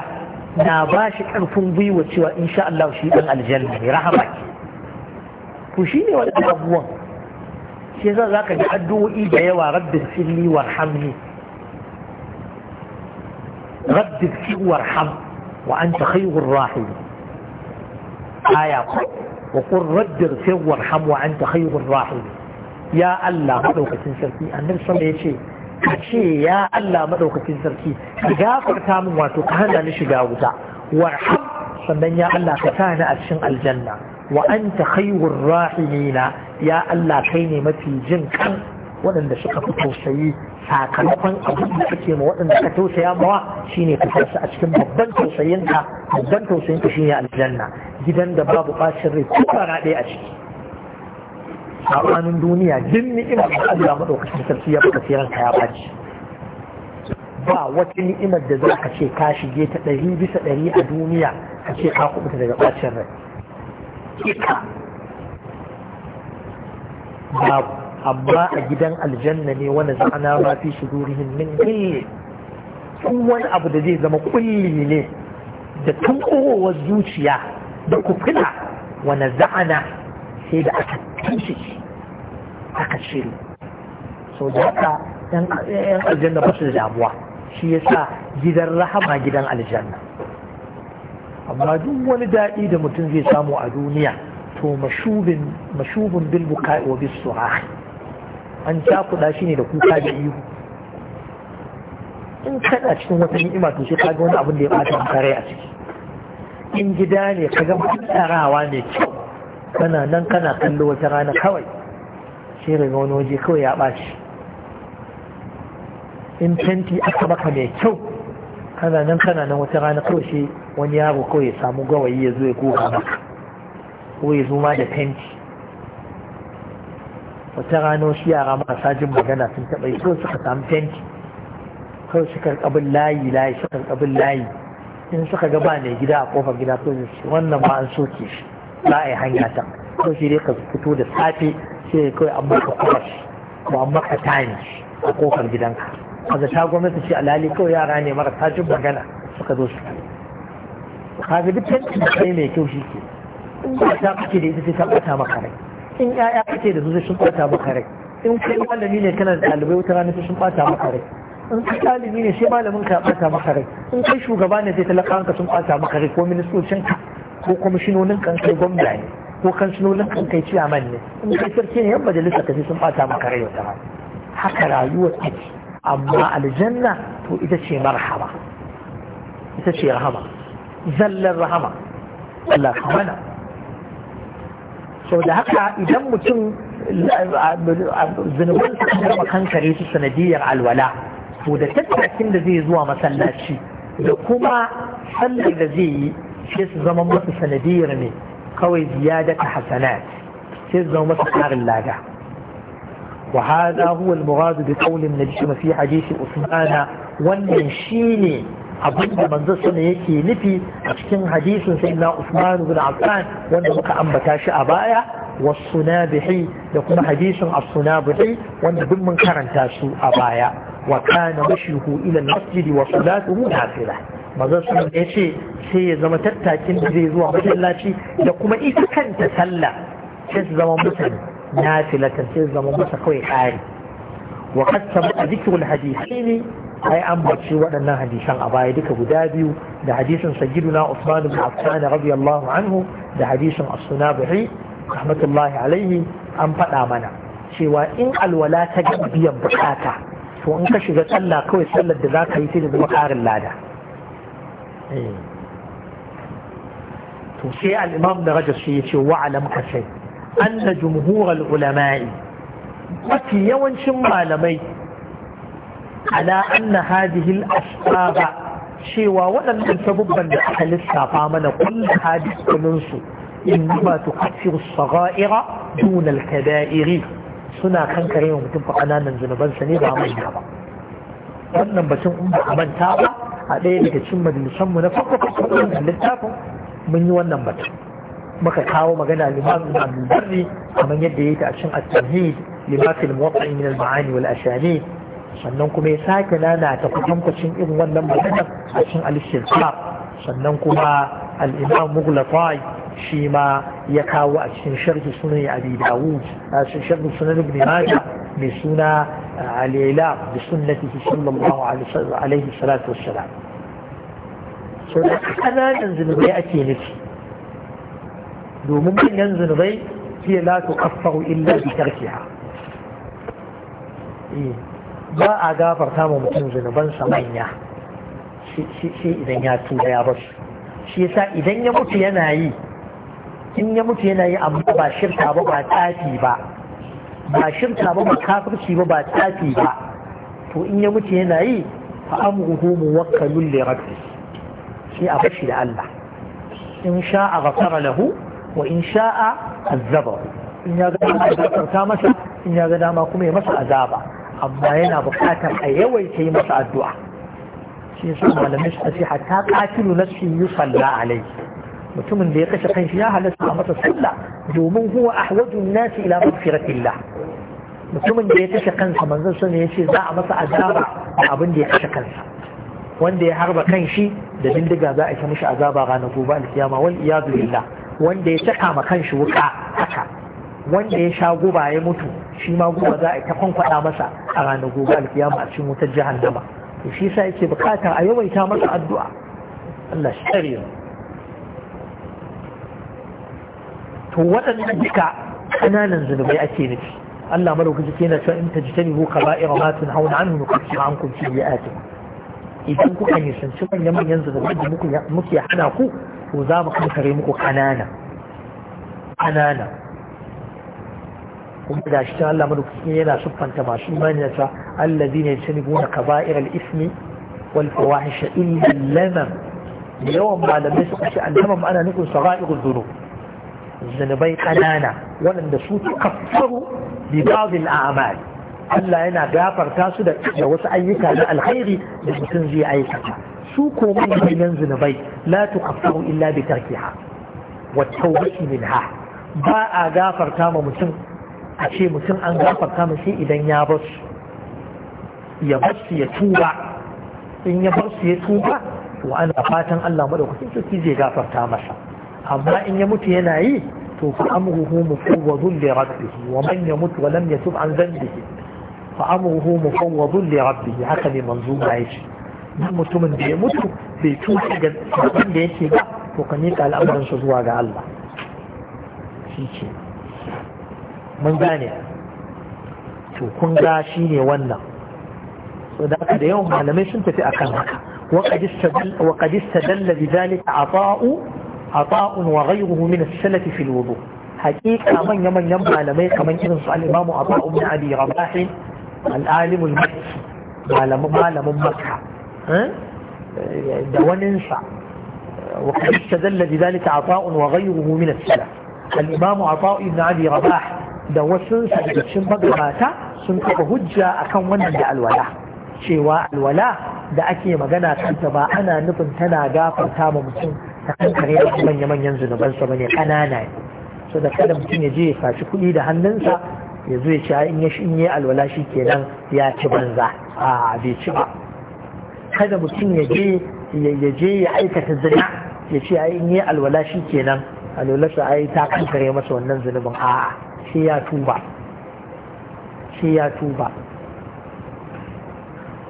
na ba shi ƙarfin gwiwa cewa insha Allah shi ɗan aljanna ne rahama ke to shi ne wani abubuwan sai za ka ji addu'o'i da yawa rabbin sirri warhamni رب ابكي وارحم وأنت خير الراحم آية وقل رب ابكي وارحم وأنت خير الراحم يا الله مدوكة سركي النبي صلى الله عليه وسلم ce ya Allah maɗaukacin sarki ka gafarta min wato ka hana ni shiga wuta warham sannan ya Allah ka ni a cikin aljanna wa anta khayrur rahimina ya Allah kai ne mafi jin kan waɗanda suka fi tausayi sakamakon abin da kake ma waɗanda ka tausaya mawa shine ka sarsa a cikin babban tausayinka babban tausayinka shine aljanna gidan da babu bacin rai ko bara ɗaya a ciki sabanin duniya duk ni'imar da Allah madaukakin sarki ya baka sai ka ya baci ba wata ni'imar da za ka ce ka shige ta ɗari bisa ɗari a duniya ka ce ka kubuta daga bacin rai babu amma a gidan aljanna ne wani za'ana ma fi shudurihim min kulli tun wani abu da zai zama kulli ne da tunkurowar zuciya da kufila wani za'ana sai da aka tushe aka shiri so da haka yan aljanna ba su da damuwa shi sa gidan rahama gidan aljanna amma duk wani daɗi da mutum zai samu a duniya to mashubin bil wa bis an cakuɗa shi ne da kuka da ihu in kada cikin wata ni'ima to sai kaga wani abin da ya bata a kare a ciki in gida ne kaga tsarawa ne kyau kana nan kana kallo wata rana kawai sai daga wani waje kawai ya ɓaci in tenti aka maka mai kyau kana nan kana nan wata rana kawai sai wani yaro kawai ya samu gawayi ya zo ya koka maka ko ya zo ma da tenti wata rano shi yara marasa jin magana sun taɓa yi kawai suka samu fenti kawai suka kabin layi layi suka kabin layi in suka gaba ne mai gida a kofar gida to shi wannan ma an soke shi za a yi hanya ta kawai shi dai ka fito da safe sai kawai an maka kofar ko an maka tani a kofar gidanka a zata gwamnati ce alhali kawai yara ne mara jin magana suka zo su kaga duk fenti da kai mai kyau shi ke in ba ta kake da ita sai ta ɓata maka rai in ƴaƴa kake da su sai sun ɓata maka rai in kai malami ne kana da ɗalibai wata rana sun ɓata maka rai in kai ɗalibi ne sai malamin ka ɓata maka rai in kai shugaba ne sai talakawan ka sun ɓata maka rai ko ministocin ka ko kwamishinonin kan kai gwamna ne ko kansinonin kan kai ciyaman ne in kai sarki ne yan majalisa ka sai sun ɓata maka rai wata rana haka rayuwar take amma aljanna to ita ce marhaba ita ce rahama zallar rahama Allah ka mana sau da haka idan mutum zunuban su kama kankare su sanadiyar alwala to da tattakin da zai zuwa masallaci da kuma sallar da zai yi sai su zama masa sanadiyar ne kawai ziyada ta hasana sai su zama masa karin lada وهذا هو المراد بقول النبي في حديث عثمان wannan shine abin da manzo sama yake nufi a cikin hadisin sai na Usman ibn Affan wanda muka ambata shi a baya wasunabihi da kuma hadisin as-sunabihi wanda duk mun karanta su a baya wa kana mashruhu ila al-masjid wa salatuhu nafila manzo sama ya sai ya zama tattakin da zai zuwa masallaci da kuma ita kanta sallah sai su zama mutane nafilatan sai su zama masa kawai kari وقد ثبت ذكر الحديثين ai an bace waɗannan hadisan a baya duka guda biyu da hadisin sajiduna Usman bin Affan radiyallahu anhu da hadisin as-Sunabi rahmatullahi alaihi an faɗa mana cewa in alwala ta ga biyan bukata to in ka shiga sallah kawai sallar da zaka yi sai da zama ƙarin lada to sai al-Imam da Rajab shi yace wa alam ka sai anna jumhurul ulamai mafi yawancin malamai ala anna hadhihi al cewa waɗannan sabubban da aka lissafa mana kullu hadisun su innama tuqaffiru as-sagha'ira duna al-kaba'iri suna kankare wa mutum fa kananan zunubansa ne ba manya ba wannan batun in ba manta ba a ɗaya daga cikin majalisan mu na farko farko da littafin mun yi wannan batun muka kawo magana limamin abdul barri kamar yadda ta a cikin at-tamhid lima fil min al-ma'ani wal ashanid sannan kuma ya sake nana ta kutankwacin irin wannan maganar a cikin al sannan kuma al-imam mughlafai shi ma ya kawo a cikin sharhi sunan abi dawud a cikin sharhi sunan ibn majah mai suna eh, al da bi sunnatihi sallallahu alaihi salatu wassalam so da kananan zunubai ake nufi domin manyan zunubai هي لا تكفر إلا بتركها إيه؟ ba a gafarta ma mutum zunubansa manya shi idan ya tura ya basu shi yasa idan ya mutu yana yi in ya mutu yana yi amma ba shirka ba ba tafi ba ba shirka ba ba kafirci ba ba tafi ba to in ya mutu yana yi fa amruhu muwakkalun li rabbi shi a bashi da Allah in sha'a ghafara lahu wa in sha'a azzabahu in ya ga dama ya masa in ya ga dama kuma ya masa azaba amma yana buƙatar a yawaita yi masa addu'a shi yasa malamai suka ce hatta na nafsi yusalla alayhi mutumin da ya kashe kanshi ya halatta a masa sallah domin huwa ahwaju nasi ila maghfiratillah mutumin da ya kashe kansa manzan sun ya ce za a masa azaba abin da ya kashe kansa wanda ya harba kanshi da bindiga za a ci mishi azaba ranar gobe alkiyama wal iyadu illa. wanda ya caka ma kanshi wuka haka wanda ya sha guba ya mutu shi ma guba za a ta kwankwada masa a ranar gobe alkiyama a cikin wutar nama. to shi sa yake bukata a yawaita masa addu'a Allah shi tsare to waɗannan duka ƙananan zunubai ake nufi Allah malaukaki ke na cewa in ta jitani ko ka ba'i ramatun hauna an hunuka ci an kun ci ya ake idan kuka nisanci manyan manyan zunubai da muke hana ku to za mu kankare muku ƙanana ƙanana kuma da shi Allah madaukaki yana siffanta masu imani da cewa allazi ne sun gona kaba'ir al-ismi wal fawahish illa lamam yawan malamai suka ce al-lamam ana nufin sara'iqul dhunub zunubai kanana waɗanda su kaffaru bi ba'd amal Allah yana gafarta su da wasu ayyuka na alkhairi da mutum zai aikata su ko manyan zunubai la tukaffaru illa bi tarkiha wa tawbati minha ba a gafarta ma mutum a ce mutum an gafarta mashi idan ya bar su ya bar su ya tuba in ya bar su ya tuba to ana fatan Allah madaukakin sarki zai gafarta masa amma in ya mutu yana yi to fa amruhu mufawwadun li rabbihi wa man yamut wa lam yatub an dhanbihi fa amruhu mufawwadun li rabbihi haka ne manzuma yace duk mutumin da ya mutu bai tuba ga abin da yake ba to ka nika al'amuran zuwa ga Allah shi ce mun gane to kun ga shi ne wannan so da aka da yawan malamai sun tafi akan haka وقد استدل بذلك عطاء عطاء وغيره من السلف في الوضوء حقيقة من يمن يمع لمي كمن إنس الإمام عطاء بن أبي رباح العالم المكي معلم مكة دون ننسى وقد استدل بذلك عطاء وغيره من السلف الإمام عطاء بن أبي رباح da wasu daga magabata sun kafa hujja akan wannan da alwala cewa alwala da ake magana kanta ba ana nufin tana gafarta ma mutum ta kankare da manya-manyan sa bane kanana ne so da kada mutum ya je ya faci kuɗi da hannunsa ya zo ya ci in ya shin yi alwala shi kenan ya ci banza a bai ci ba kada mutum ya je ya je ya aikata zina ya ce in yi alwala shi kenan alwala su ai ta kankare masa wannan zunubin a'a sai ya tuba sai ya tuba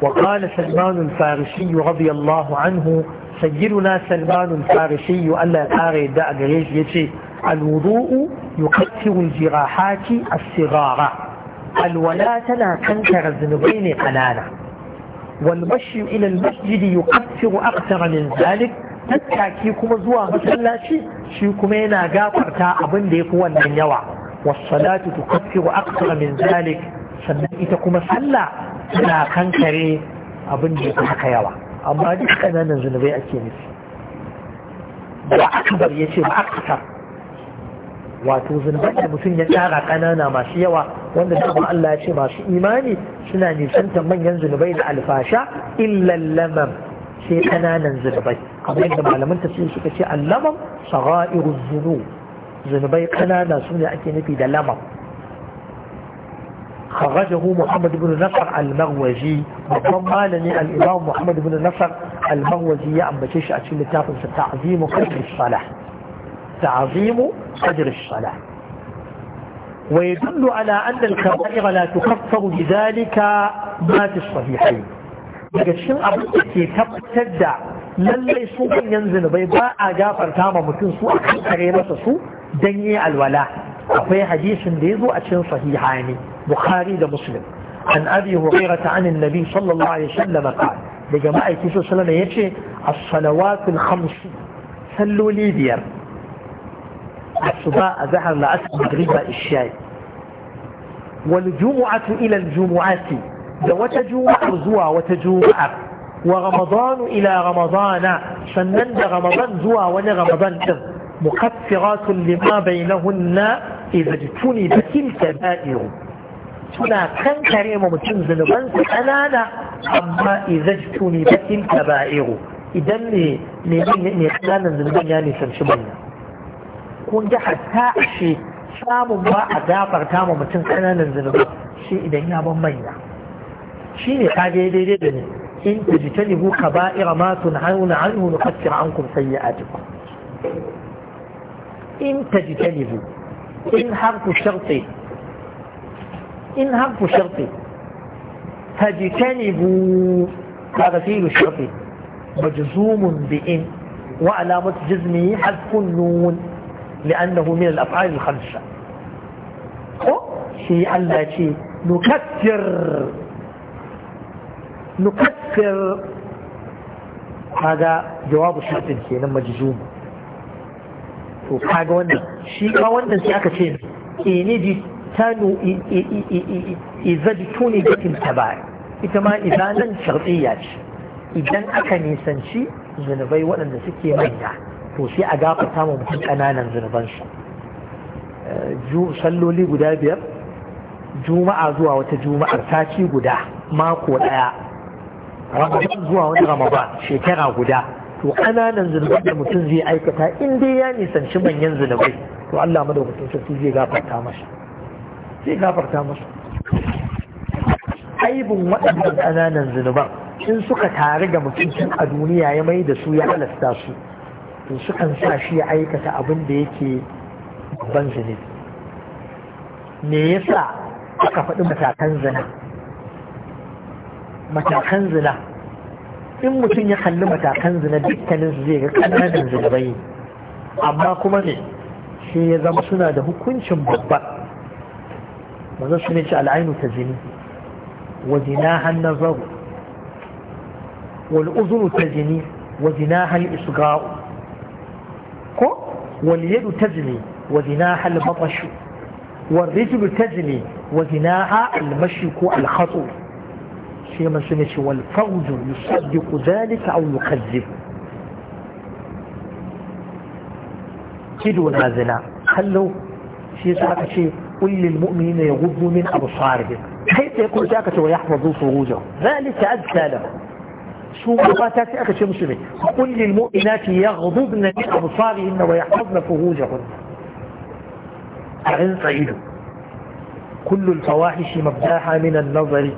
وقال سلمان الفارسي رضي الله عنه سيدنا سلمان الفارسي ألا يقاري داء قريش يتي الوضوء يكثر الجراحات الصغار الولاة لا تنكر الذنوبين قنانا والمشي إلى المسجد يكثر أكثر من ذلك tattaki kuma zuwa masallaci shi kuma yana gafarta abin da ya fi wannan yawa والصلاة تكفر أكثر min ذلك sannan ita kuma sallah tana kankare abin da ya haka yawa amma duk kananan zunubai ake nufi ba aka bar ya ce ba wato zunubai da mutum ya tsara kanana masu yawa wanda da Allah ya ce masu imani suna nisantar manyan zunubai da alfasha illan lamam sai kananan zunubai kamar yadda malaman tafiye suka ce allaman sara'irun zunubai zunubai kanana su ne ake nufi da lamar kharajahu muhammad ibn nasar al-marwazi babban malami al-imam muhammad ibn nasar al ya ambace shi a cikin littafinsa sa ta'zimu qadr as-salah ta'zimu qadr as-salah wa yadullu ala anna al-kaba'ira la tukaffaru bi dhalika ma fi as daga cikin abin ke tabbatar da lallai su manyan zunubai ba a gafarta ma mutum su a kare masa su dan yi alwala akwai hadisin da ya zo a cikin sahihani bukhari da muslim an abi hurairah an annabi sallallahu alaihi wasallam qala daga ma'aiki sallallahu alaihi yace as-salawatul khams salloli biyar asuba azhar la asr magriba isha'i wal jumu'atu ila al jumu'ati da wata jumu'ar zuwa wata jumu'ar ورمضان إلى رمضان شنن رمضان زوا ون رمضان مكفرات لما بينهن إذا جتوني بكل كبائر سنا كان كريم ومتن زنبان سألانا أما إذا جتوني بكل كبائر إذن نحنان زنبان يعني سنشبان كون جحد ها أشي سامو ما أدابر تامو متن كنان زنبان شيء إذا ينابو مينا شيء نحاجي دي دي دي, دي, دي, دي, دي, دي, دي, دي إن تجتنبوا كبائر ما تنهون عنه نكفر عنكم سيئاتكم إن تجتنبوا إن حرف الشرط إن حرف الشرط فاجتنبوا هذا فيل الشرط مجزوم بإن وعلامة جزمه حذف النون لأنه من الأفعال الخمسة شيء التي شيء نكثر nukaffir kaga jawabu shirkin kenan majzum to kaga wannan shi ma wannan sai aka ce inidi tanu izabtuni bikin tabar ita ma izanan shartiyya ce idan aka nisanci zunubai waɗanda suke manya to sai a gafata mu mutum ƙananan zunubansu salloli guda biyar juma'a zuwa wata juma'ar sati guda mako ɗaya ramadan zuwa wani ramadan shekara guda to ƙananan zunubai da mutum zai aikata in dai ya nisanci manyan zunubai to Allah mutum sassu zai gafarta masa zai gafarta masa aibin waɗannan ƙananan zunuban in suka tare da mutum a duniya ya mai da su ya halasta su to sukan sa shi ya aikata abin da yake babban zunubi me yasa aka faɗi matakan zina matakan zina in mutum ya kalli matakan zina dukkanin zai ga ƙananan zunubai amma kuma ne sai ya zama suna da hukuncin babba maza su ne ci al'ainu ta zini wa zina hannun zaru wal uzuru ta zini wa zina hal isga'u ko wal yadu ta zini wa zina hal matashu wal rijlu ta zini wa zina al mashi ko al khatsu شيء ما سنش والفوز يصدق ذلك أو يكذب كدونا زنا خلوا شيء ساعة شيء قل للمؤمنين يغضوا من أبصارهم حيث يقول ذاك ويحفظوا فروجهم ذلك أذكى لهم شو مقاتات شيء مسلمين قل للمؤمنات يغضبن من أبصارهن ويحفظن فروجهن أعن سعيد كل الفواحش مبداحة من النظر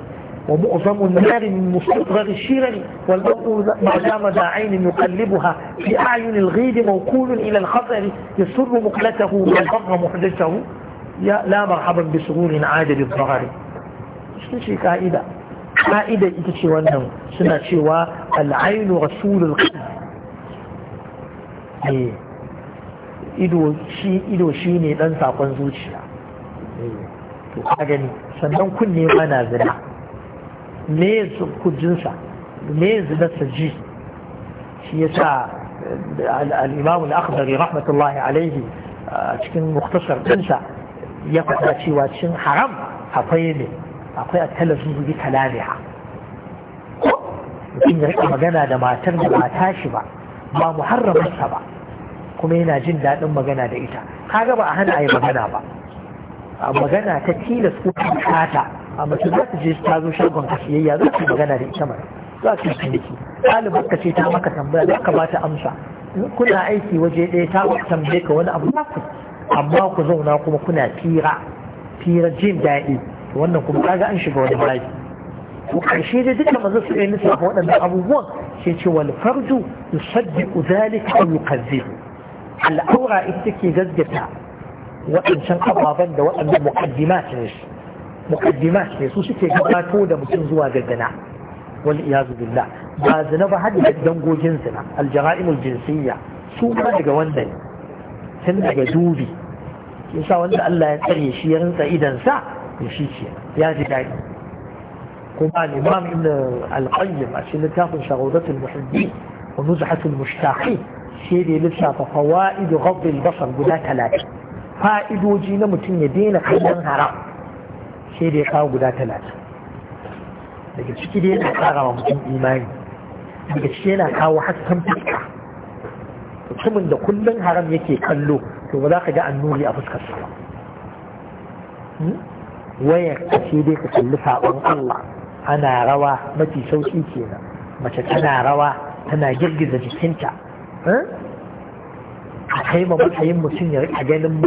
ومعظم النار من مستقرر الشرر والمرء ما دام داعين يقلبها في أعين الغيد موكول إلى الخطر يسر مقلته والبر محدثه يا لا مرحبا بسرور عاد بالضرر شيء قائدة قائدة إتشي وأنه سنة شوى العين رسول القلب إيه ido shi ne ɗan sakon zuciya to ka gani sannan kunne mana zina me kujinsa me zinarsa ji shi ya sa al'imam al'akhdari rahmatullahi alaihi a cikin muktasar dinsa ya faɗa cewa cin haram akwai ne akwai a talazu bi kalamiha mutum ya rika magana da matar da ba tashi ba ba muharramarsa ba kuma yana jin daɗin magana da ita kaga ba a hana a yi magana ba a magana ta tilas ko ta a mace za ta je ta zo shagon ka siyayya za ta magana da ita mana za ta yi ciniki ɗalibar ka ce ta maka tambaya za ka ba ta amsa kuna aiki waje ɗaya ta tambaye ka wani abu ku amma ku zauna kuma kuna fira fira jin daɗi wannan kuma kaga an shiga wani bayi to karshe dai duka maza su yi nisa waɗannan abubuwan sai ce wal fardu yusaddiqu zalika aw yukazzibu al'aura ita take gaggata waɗancan ababen da waɗannan muqaddimat ne su muqaddimat ne su suke gabato da mutum zuwa ga zina wal iyazu billah ba zina ba hadda dangogin zina al jara'imul jinsiyya su ma daga wanda ne tun daga dubi yasa wanda Allah ya tsare shi ya rantsa idan sa to shi ce ya ji daɗi kuma al-imam ibn al-qayyim a cikin littafin shaghudatul muhibbin wa nuzhatul mushtaqin sai da ya lissafa fawaid ghadb al-basar guda 30 fa'idoji na mutum ya daina kallon haram sai da ya kawo guda talatin daga ciki da yana kara wa mutum imani daga ciki yana kawo hasken fuska mutumin da kullum haram yake kallo to ba za ka ga annuri a fuskarsa ba hmm? wayar ce dai ka kalli sabon Allah ana rawa mafi sauƙi kenan mace tana rawa tana girgiza jikinta hmm? a kai ma mutum ya rika ganin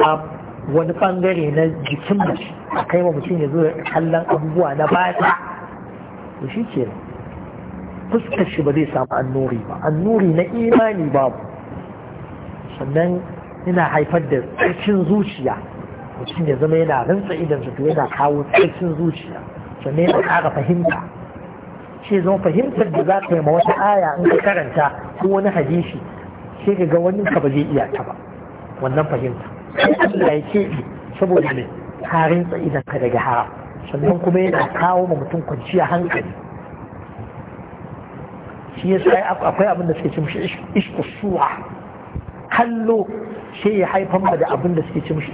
wani bangare na jikin mace a kai wa mutum ya zo kallon abubuwa na bata da shi ke fuskar shi ba zai samu annuri ba annuri na imani babu sannan yana haifar da tsarkin zuciya mutum ya zama yana rantsa idan su yana kawo tsarkin zuciya sannan yana ƙara fahimta ce zama fahimtar da za ka yi ma wata aya in ka karanta ko wani hadisi sai ka ga wani ka ba zai iya ta ba wannan fahimta Allah ya keɓe saboda ne harin idan ka daga haram sannan kuma yana kawo ma mutum kwanciya hankali shi ya sai akwai abin da suke ce mishi ishku suwa kallo sai ya haifan ma da abin da suke ce mishi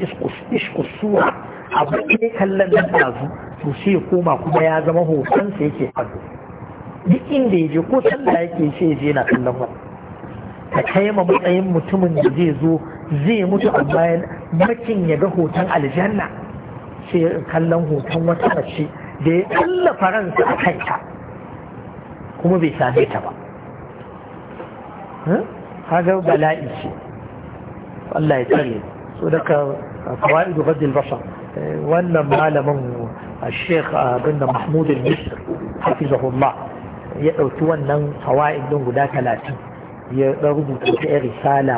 ishku suwa abu ne kallon nan dazu to sai ya koma kuma ya zama hotonsa yake kallo duk inda ya je ko sallah yake sai ya je na kallon wani ka kai ma matsayin mutumin da zai zo zai mutu a bayan makin ya ga hoton aljanna sai kallon hoton wata mace da ya tallafa a kanta kuma bai same ta ba hmm? kaga bala'i ce Allah ya tsare so daga kawaidu gaddil bashar eh, wannan malamin الشيخ بن محمود المصر حفظه الله ya ɗauki wannan hawa'in guda talatin ya ɗan rubuta ta yi risala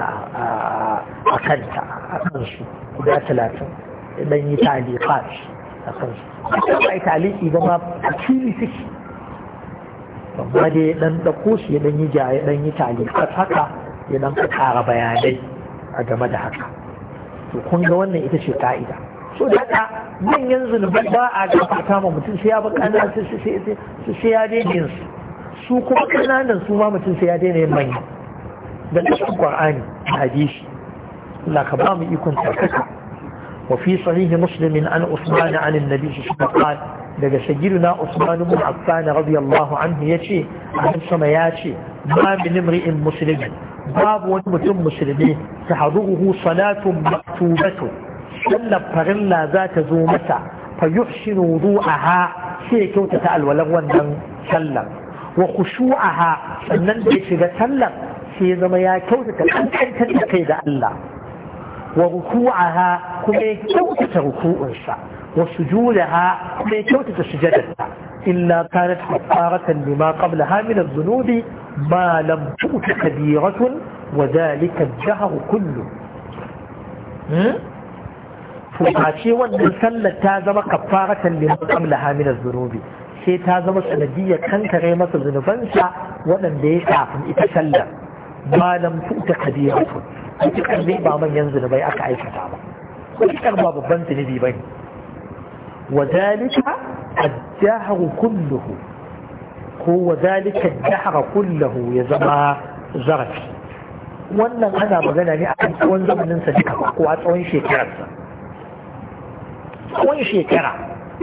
a kanta a kansu guda talatin ɗan yi talifat a kansu a kan ba yi talifi ba ma a fili suke amma dai ya ɗan ɗauko su ya ɗan yi ja ya ɗan yi talifat haka ya ɗan ƙara bayanai a game da haka to kun ga wannan ita ce ka'ida so da haka manyan zunubai ba a gafata ma mutum sai ya ba su sai ya daidai su su kuma ƙananan su ma mutum sai ya daina yin manya da nashin a hadisi Allah ka ba mu ikon tarkaka وفي صحيح مسلم عن عثمان عن النبي صلى الله عليه وسلم daga sagiruna Usman ibn Affan radiyallahu anhu yace an sama yace ma min imri'in muslimin babu wani mutum musulmi tahduhu salatun maktubatu sallar farilla za ta zo mata fa yuhsinu wudu'aha sai kyautata alwalan wannan sallar wa khushu'aha sannan da shiga sallar sai ya zama ya kyautata kankantar da kai da Allah wa ruku'aha kuma ya kyautata ruku'unsa wa sujudaha kuma ya kyautata sujadarsa illa kanat kafaratan lima qablaha min adh-dhunubi ma lam tut kabiratun wa dhalika ad-dahr kullu ce wannan sallar ta zama kafaratan lima qablaha min adh-dhunubi sai ta zama sanadiyar kankare masa zunubansa waɗanda ya kafin ita sallar ma lam tu'ta kadiyatu hakikar ne ba manyan bai aka aikata ba hakikar ba babban zunubi bane wa zalika ad-dahr kulluhu ko wa zalika ad kulluhu ya zama zarafi wannan ana magana ne a kan tsawon zamanin sa duka ko a tsawon shekararsa tsawon shekara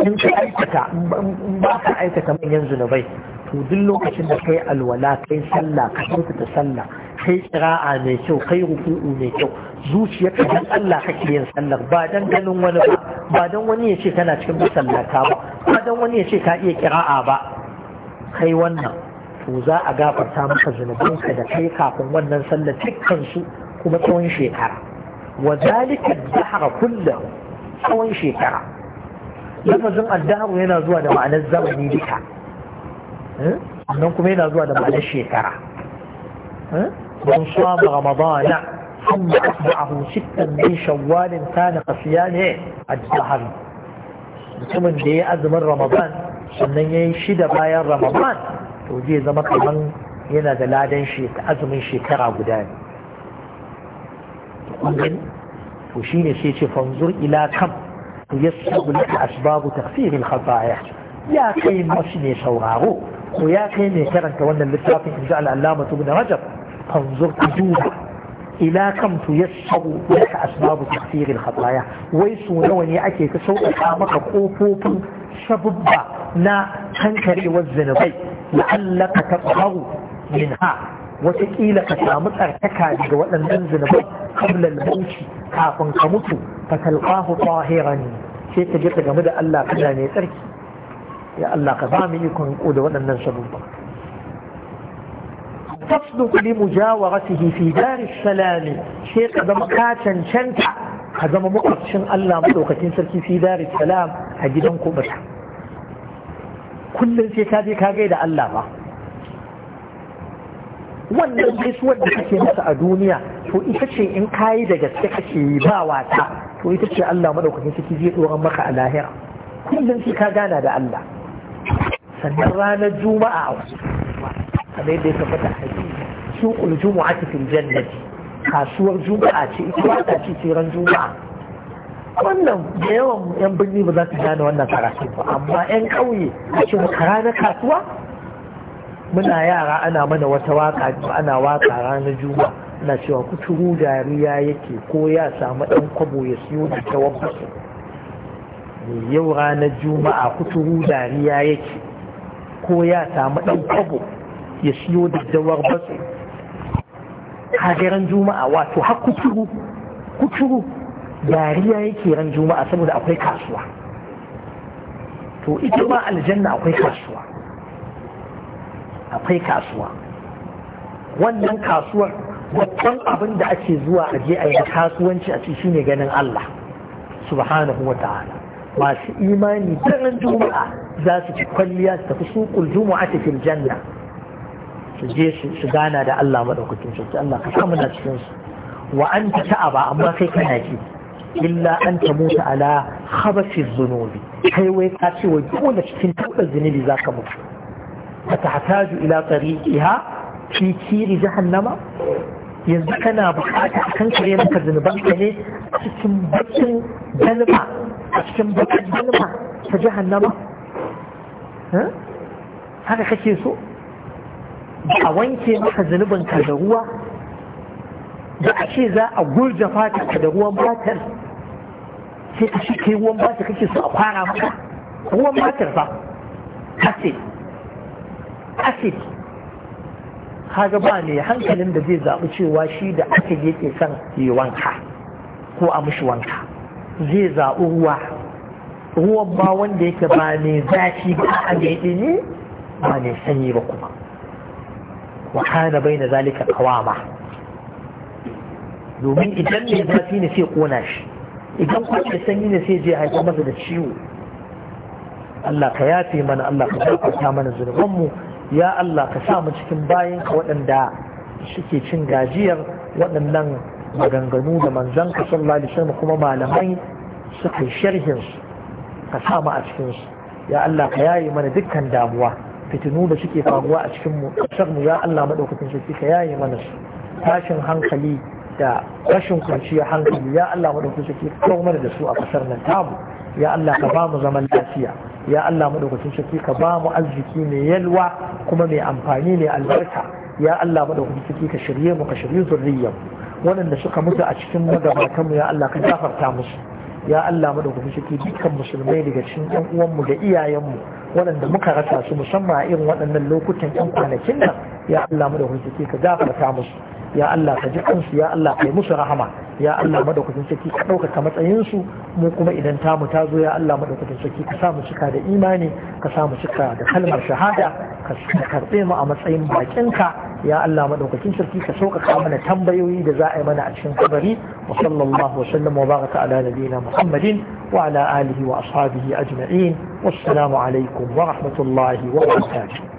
in ka aikata in ba ka aikata manyan zunubai to duk lokacin da kai alwala kai sallah ka kyautata sallah kai tsira'a mai kyau kai ruku'u mai kyau zuciyar ka dan Allah kake yin sallar ba dan ganin wani ba ba dan wani ya ce kana cikin musallata ba ba dan wani ya ce ka iya kira'a ba kai wannan to za a gafarta maka zunubanka da kai kafin wannan sallar dukkan su kuma tsawon shekara wa zalika dahra kullahu tsawon shekara lafazin addahu yana zuwa da ma'anar zamani duka hmm? sannan kuma yana zuwa da ma'anar shekara hmm? صام رمضان ثم أتبعه ستا من شوال كان قصيانه اجزاها ثم دي أزمن رمضان ثم يشد بايا رمضان توجيه زمن من هنا دلادين شيء أزمن شيء كرا قدان ومن وشين شيء فانظر إلى كم يسبب لك أسباب تخفيف الخطايا يا كي مشني سوغاغو ويا كي نكرنك وانا اللي تعطي ان جعل علامة ابن رجب fanzur ku duba ila kam tu yassabu laka asbabu tafsir al-khataya wai su nawa ne ake ta sauƙaƙa maka kofofin sabubba na hankarewar zinubai la'allaka taqahu minha wataƙila ka samu tsartaka daga waɗannan zinubai qabla al kafin ka mutu fa talqahu tahiran sai ka je ka da Allah kana ne tsarki ya Allah ka ba mu ikon da waɗannan sabubba تصدق لمجاورته في دار السلام شيء قدم كاتن شنتا قدم مقرشن الله مدوكتين سلكي في دار السلام أجدن كبتا كل شيء الله ما wannan gaisuwar da kake masa a duniya to ita ce in kayi da gaske kake yi ba wata to ita ce Allah madaukakin sarki zai tsoron maka a lahira kullum sai ka gana da Allah sannan ranar juma'a kamar yadda ya tabbata hadisi suqul jumu'ati fil jannati kasuwar juma'a ce ita ta ce ran juma'a wannan da yawan yan birni ba za su gane wannan karatu ba amma yan ƙauye a ce kara na kasuwa muna yara ana mana wata waka ana waka rana juma'a na cewa kuturu dariya yake ko ya samu ɗan kwabo ya siyo da kyawar basu yau ranar juma'a kuturu dariya yake ko ya samu ɗan kwabo ya siyo daddawar batsu kajeran juma'a wato har kuturu kuturu dariya yake ran juma'a saboda akwai kasuwa to ita ma aljanna akwai kasuwa akwai kasuwa wannan kasuwar babban abin da ake zuwa a je a yi kasuwanci a ci ne ganin Allah subhanahu wa ta'ala masu imani daren juma'a za su ci kwalliya su tafi suƙul juma'a cikin janna su je su gana da Allah maɗaukakin sarki Allah ka samu na cikin su wa an ta ta'a ba amma kai kana ji illa an ta mutu ala khabasi zunubi kai wai ka ce wa dole cikin tabbas zunubi za ka mutu ka tahtaju ila tariqiha fi kiri jahannama yanzu kana bukata a kan kare maka zunuban ka ne a cikin bakin galma. a cikin bakin galma ta jahannama haka kake so Ba a wanke maka zunubin ka da ruwa da a ce za a gurja fata ka da ruwan batar sai ka shi kai ruwan batar kake so a fara maka ruwan batar ba acid acid kaga ba ne hankalin da zai zaɓi cewa shi da acid yake son yi wanka ko a mishi wanka zai zaɓi ruwa ruwan ba wanda yake ba ne zafi ba a ne ba ne sanyi ba kuma wa kana baina zalika kawama domin idan ne zafi ne sai kona shi idan kwace sanyi ne sai je haifar masa da ciwo Allah ka yafe mana Allah ka gafarta mana zunubanmu ya Allah ka sa mu cikin bayan ka waɗanda suke cin gajiyar waɗannan maganganu da manzan ka sallallahu kuma malamai suka sharhin su ka sa mu a cikin su ya Allah ka yaye mana dukkan damuwa fitinu da suke faruwa a cikin mu kasar mu ya Allah madaukakin sarki ka yaye mana su tashin hankali da rashin kwanciyar hankali ya Allah madaukakin sarki ka kawo mana da su a kasar nan mu. ya Allah ka ba mu zaman lafiya ya Allah madaukakin sarki ka ba mu arziki mai yalwa kuma mai amfani mai albarka ya Allah madaukakin sarki ka shirye mu ka shirye zurriyar waɗanda suka mutu a cikin magabatan mu ya Allah ka gafarta musu ya Allah madaukakin sarki dukkan musulmai daga cikin ƴan uwanmu da iyayenmu waɗanda muka rasa su musamman a irin waɗannan lokutan 'yan kwanakin nan ya Allah mu da hulsuke ka gafarta musu ya Allah ka ji kansu ya Allah kai musu rahama ya Allah madaukakin sarki ka ɗaukaka matsayinsu mu kuma idan tamu ta zo ya Allah madaukakin sarki ka samu cika da imani ka samu cika da kalmar shahada ka karɓe mu a matsayin bakinka ya Allah madaukakin sarki ka sauƙaƙa mana tambayoyi da za a yi mana a cikin kabari wa sallallahu wa sallam wa baraka ala nabiyina muhammadin wa ala alihi wa ashabihi ajma'in wassalamu alaikum wa rahmatullahi wa barakatuh